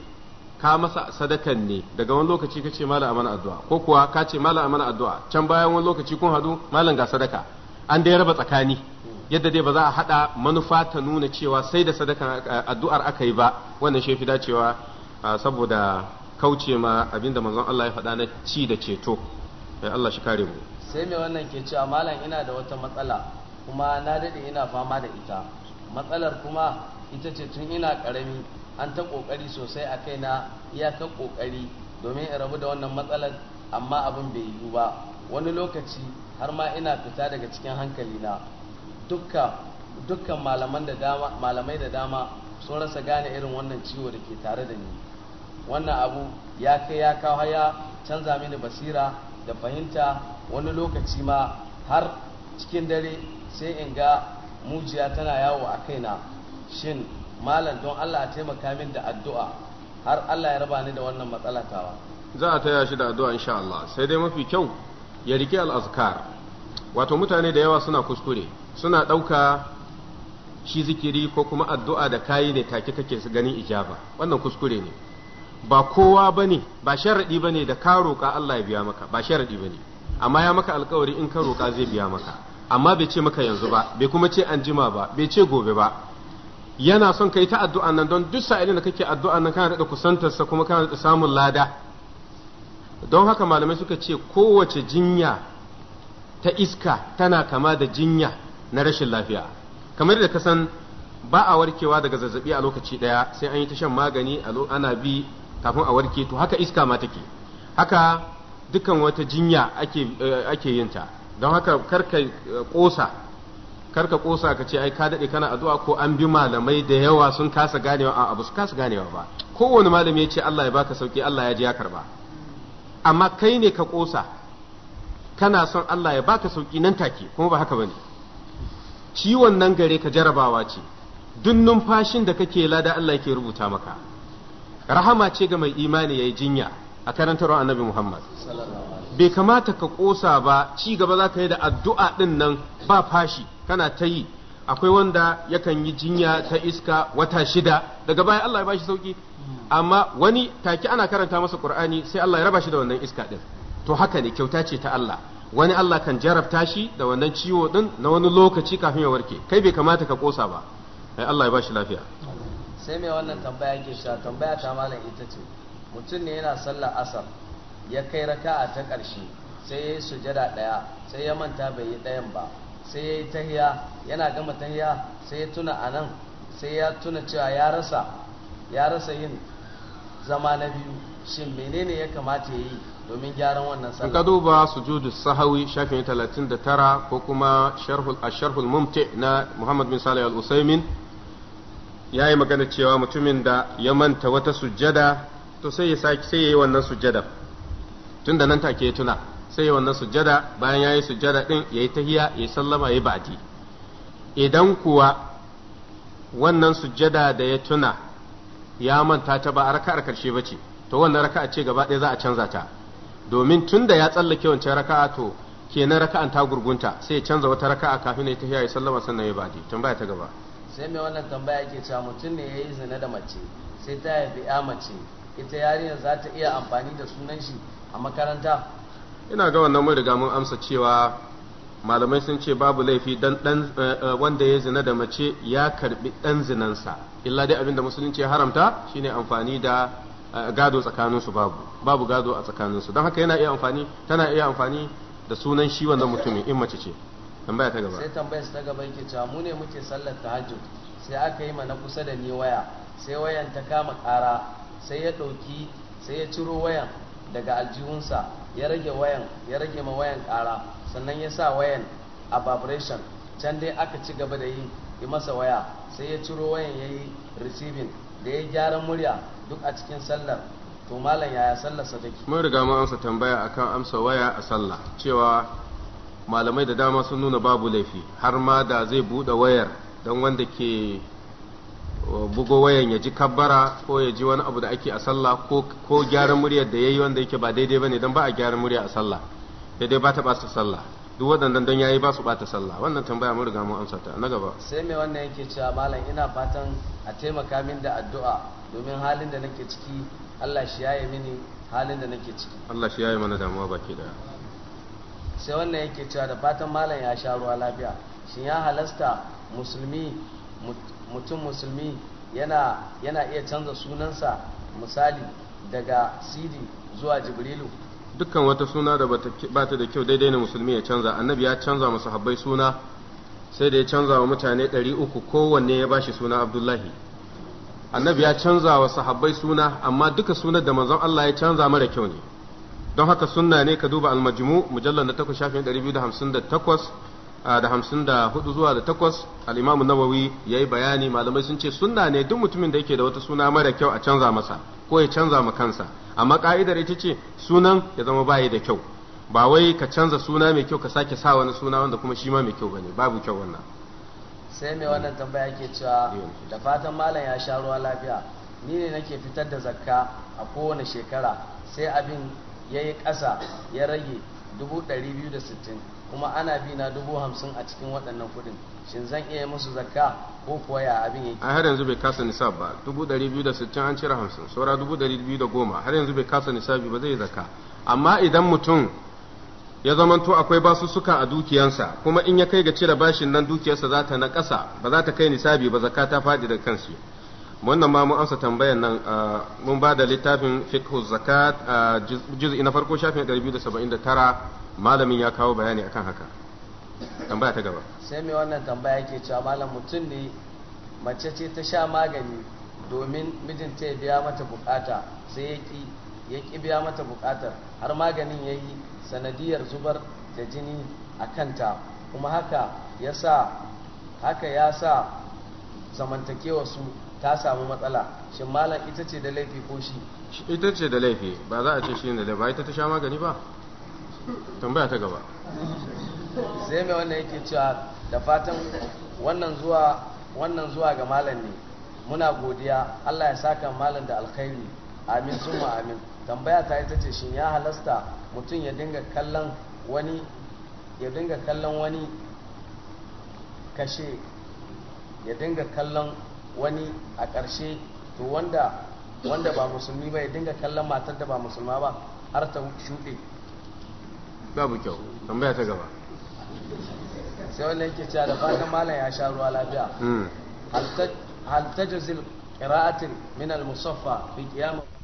ka masa sadakan ne daga wani lokaci ka ce amana addu'a ko kuwa ka ce malam amana addu'a can bayan wani lokaci kun hadu malam ga sadaka an dai raba tsakani yadda dai ba za a hada manufa ta nuna cewa sai da sadakan addu'ar aka yi ba wannan shefi dacewa saboda kauce ma abinda manzon Allah ya faɗa na ci da ceto eh, Allah shi kare mu sai me wannan ke cewa malam ina da wata matsala kuma na dade ina fama da ita matsalar kuma ita ce tun ina karami an ta kokari sosai a kaina iyakar kokari domin in rabu da wannan matsalar amma abin bai yiwu ba wani lokaci har ma ina fita daga cikin hankali na dukkan malamai da dama sun rasa gane irin wannan ciwo da ke tare da ni wannan abu ya kai ya kawo haya canza mini basira da fahimta wani lokaci ma har cikin dare sai in ga mujiya tana yawo a kaina shin malam don Allah a taimaka min da addu'a har Allah ya raba ni da wannan matsala za a taya shi da addu'a insha Allah sai dai mafi kyau ya rike al wato mutane da yawa suna kuskure suna ɗauka shi zikiri ko kuma addu'a da kayi ne take kake su ganin ijaba wannan kuskure ne ba kowa bane ba sharadi bane da ka roƙa Allah ya biya maka ba sharadi bane amma ya maka alkawari in ka roƙa zai biya maka amma bai ce maka yanzu ba bai kuma ce an jima ba bai ce gobe ba yana son kai ta addu'a nan don duk sa'ilin da kake addu'a nan kana da kusantarsa kuma kana da samun lada don haka malamai suka ce kowace jinya ta iska tana kama da jinya na rashin lafiya kamar da ka san ba a warkewa daga zazzabi a lokaci daya sai an yi ta shan magani ana bi kafin a warke to haka iska ma take haka dukan wata jinya eh, ake yin ta don haka karka kosa eh, Karka ka kosa ka ce ai ka dade kana addu'a ko an bi malamai da yawa sun kasa ganewa a abu su kasa ganewa ba kowane malami ya ce Allah ya baka sauki Allah ya ji ya karba amma kai ne ka kosa kana son Allah ya baka sauki nan take kuma ba haka bane ciwon nan gare ka jarabawa ce duk numfashin da kake lada Allah yake rubuta maka rahama ce ga mai imani yayi jinya a karantarwar annabi Muhammad bai kamata ka kosa ba ci gaba za ka yi da addu'a din nan ba fashi kana ta yi akwai wanda yakan yi jinya ta iska wata shida daga baya Allah ya bashi sauki amma wani take ana karanta masa Qur'ani sai Allah ya raba shi da wannan iska din to haka ne kyauta ce ta Allah wani Allah kan jarabta shi da wannan ciwo din na wani lokaci kafin ya warke kai bai kamata ka kosa ba ai Allah ya bashi lafiya sai mai wannan tambaya yake cewa tambaya ta malam ita ce mutum ne yana sallar asar ya kai raka'a ta ƙarshe sai ya yi sujada ɗaya sai ya manta bai yi ɗayan ba sai ya yi tahiya yana gama tahiya sai ya tuna a nan sai ya tuna cewa ya rasa ya rasa yin zama na biyu shin menene ya kamata ya yi domin gyaran wannan sallah ka duba sujudu sahawi shafin tara ko kuma sharhul asharhul mumti na Muhammad bin Salih al-Usaimin ya yi magana cewa mutumin da ya manta wata sujjada to sai ya yi wannan sujjada tunda nan take ya tuna sai wannan sujjada bayan yayi sujjada din yayi tahiya yayi sallama yayi ba'di idan kuwa wannan sujjada da ya tuna ya manta ta ba a raka'ar karshe ba ce to wannan raka'a ce gaba ɗaya za a canza ta domin tun da ya tsallake wancan raka'a to kenan raka'an ta gurgunta sai ya canza wata raka'a kafin ya tahiya ya sallama sannan ya ba'di tambaya ta gaba sai mai wannan tambaya yake cewa mutum ne ya yi zina da mace sai ta haifi ya mace ita yarinyar za ta iya amfani da sunan shi a makaranta ina ga wannan mun riga mun amsa cewa malamai sun ce babu laifi dan dan eh, eh, wanda ya zina da mace ya karbi dan zinansa illa dai abinda musulunci ya haramta shine amfani da eh, gado tsakanin su babu babu gado a tsakanin su don haka yana iya amfani tana iya amfani da sunan shi wannan mutumin in mace ce tambaya ta gaba sai tambayar ta gaba yake cewa mu ne muke sallar tahajjud sai aka yi mana kusa da ni waya sai wayan ta kama ƙara sai ya ɗauki sai ya ciro wayan daga aljihunsa ya rage wayan ya rage ma wayan ƙara sannan ya sa wayan a vibration can dai aka ci gaba da yi yi masa waya sai ya ciro wayan ya yi receiving da ya gyaran murya duk a cikin sallar to malam yaya sa take mun riga mun amsa tambaya akan amsa waya a sallah cewa malamai da dama sun nuna babu laifi har ma da zai buɗe wayar don wanda ke bugo wayan ya ji kabbara ko ya ji wani abu da ake a sallah ko gyaran muryar da yayi wanda yake ba daidai bane dan ba a gyaran murya a sallah daidai ba ta ba su sallah duk waɗannan don yayi ba su ba ta sallah wannan tambaya mun riga mun amsa ta na gaba sai mai wannan yake cewa malam ina fatan a taimaka min da addu'a domin halin da nake ciki Allah shi yaye mini halin da nake ciki Allah shi yaye mana damuwa baki da sai wannan yake cewa da fatan malam ya sha ruwa lafiya shin ya halasta musulmi mutum musulmi yana iya canza sunansa misali daga sidi zuwa jibrilu dukkan wata suna da bata da kyau daidai na musulmi ya canza annabi ya canza masu habbai suna sai da ya canza wa mutane ɗari uku kowanne ya bashi suna abdullahi annabi ya canza wa sahabbai suna amma duka sunar da manzon Allah ya canza mara kyau ne don haka sunna ne ka duba al-majmu mujallal na 8 shafin 258 da hamsin da hudu zuwa da takwas al'imamu nawawi ya yi bayani malamai sun ce suna ne duk mutumin da yake da wata suna mara kyau a canza masa ko ya canza ma kansa amma ka'idar ita ce sunan ya zama bayi da kyau ba wai ka canza suna mai kyau ka sake sa wani suna wanda kuma shi ma mai kyau bane babu kyau wannan sai mai wannan tambaya ke cewa da fatan malam ya sha ruwa lafiya ni ne nake fitar da zakka a kowane shekara sai abin ya yi ƙasa ya rage dubu ɗari biyu da sittin kuma ana bi na dubu hamsin a cikin waɗannan kuɗin shin zan iya musu zakka ko kuwa ya abin yake a har yanzu bai kasa nisab ba dubu ɗari biyu da sittin an cire hamsin saura dubu ɗari biyu da goma har yanzu bai kasa nisabi ba zai yi zakka amma idan mutum ya zamanto akwai basussuka a dukiyansa kuma in ya kai ga cire bashin nan dukiyarsa za ta na ƙasa ba za ta kai nisabi ba zakka ta faɗi da kansu wannan ma mun amsa tambayan nan mun ba da littafin fiqh zakat juz'i na farko shafin 279 malamin ya kawo bayani akan haka tambaya ta gaba sai mai wannan tambaya ke cewa malam mutum ne mace ce ta sha magani domin mijin ya biya mata bukata sai ya ki ya ki biya mata bukatar har maganin ya yi sanadiyar zubar da jini a kanta kuma haka ya sa haka ya sa zamantakewa su ta samu matsala shin malam ita ce da laifi ko shi ita ce da laifi ba za a ce shi ne da ba ita ta sha magani ba tambaya ta gaba sai mai wannan yake cewa da fatan wannan zuwa wannan zuwa ga malam ne muna godiya Allah ya saka malam da alkhairi amin summa amin tambaya ta ita ce shin ya halasta mutum ya dinga kallon wani ya dinga kallon wani kashe ya dinga kallon wani a ƙarshe to wanda wanda ba musulmi ba ya dinga kallon matar da ba musulma ba har ta shuɗe babu kyau tambaya ta gaba sai wannan yake cewa da fatan malam ya sha ruwa lafiya hal tajzil qira'atin min al-musaffa fi qiyamah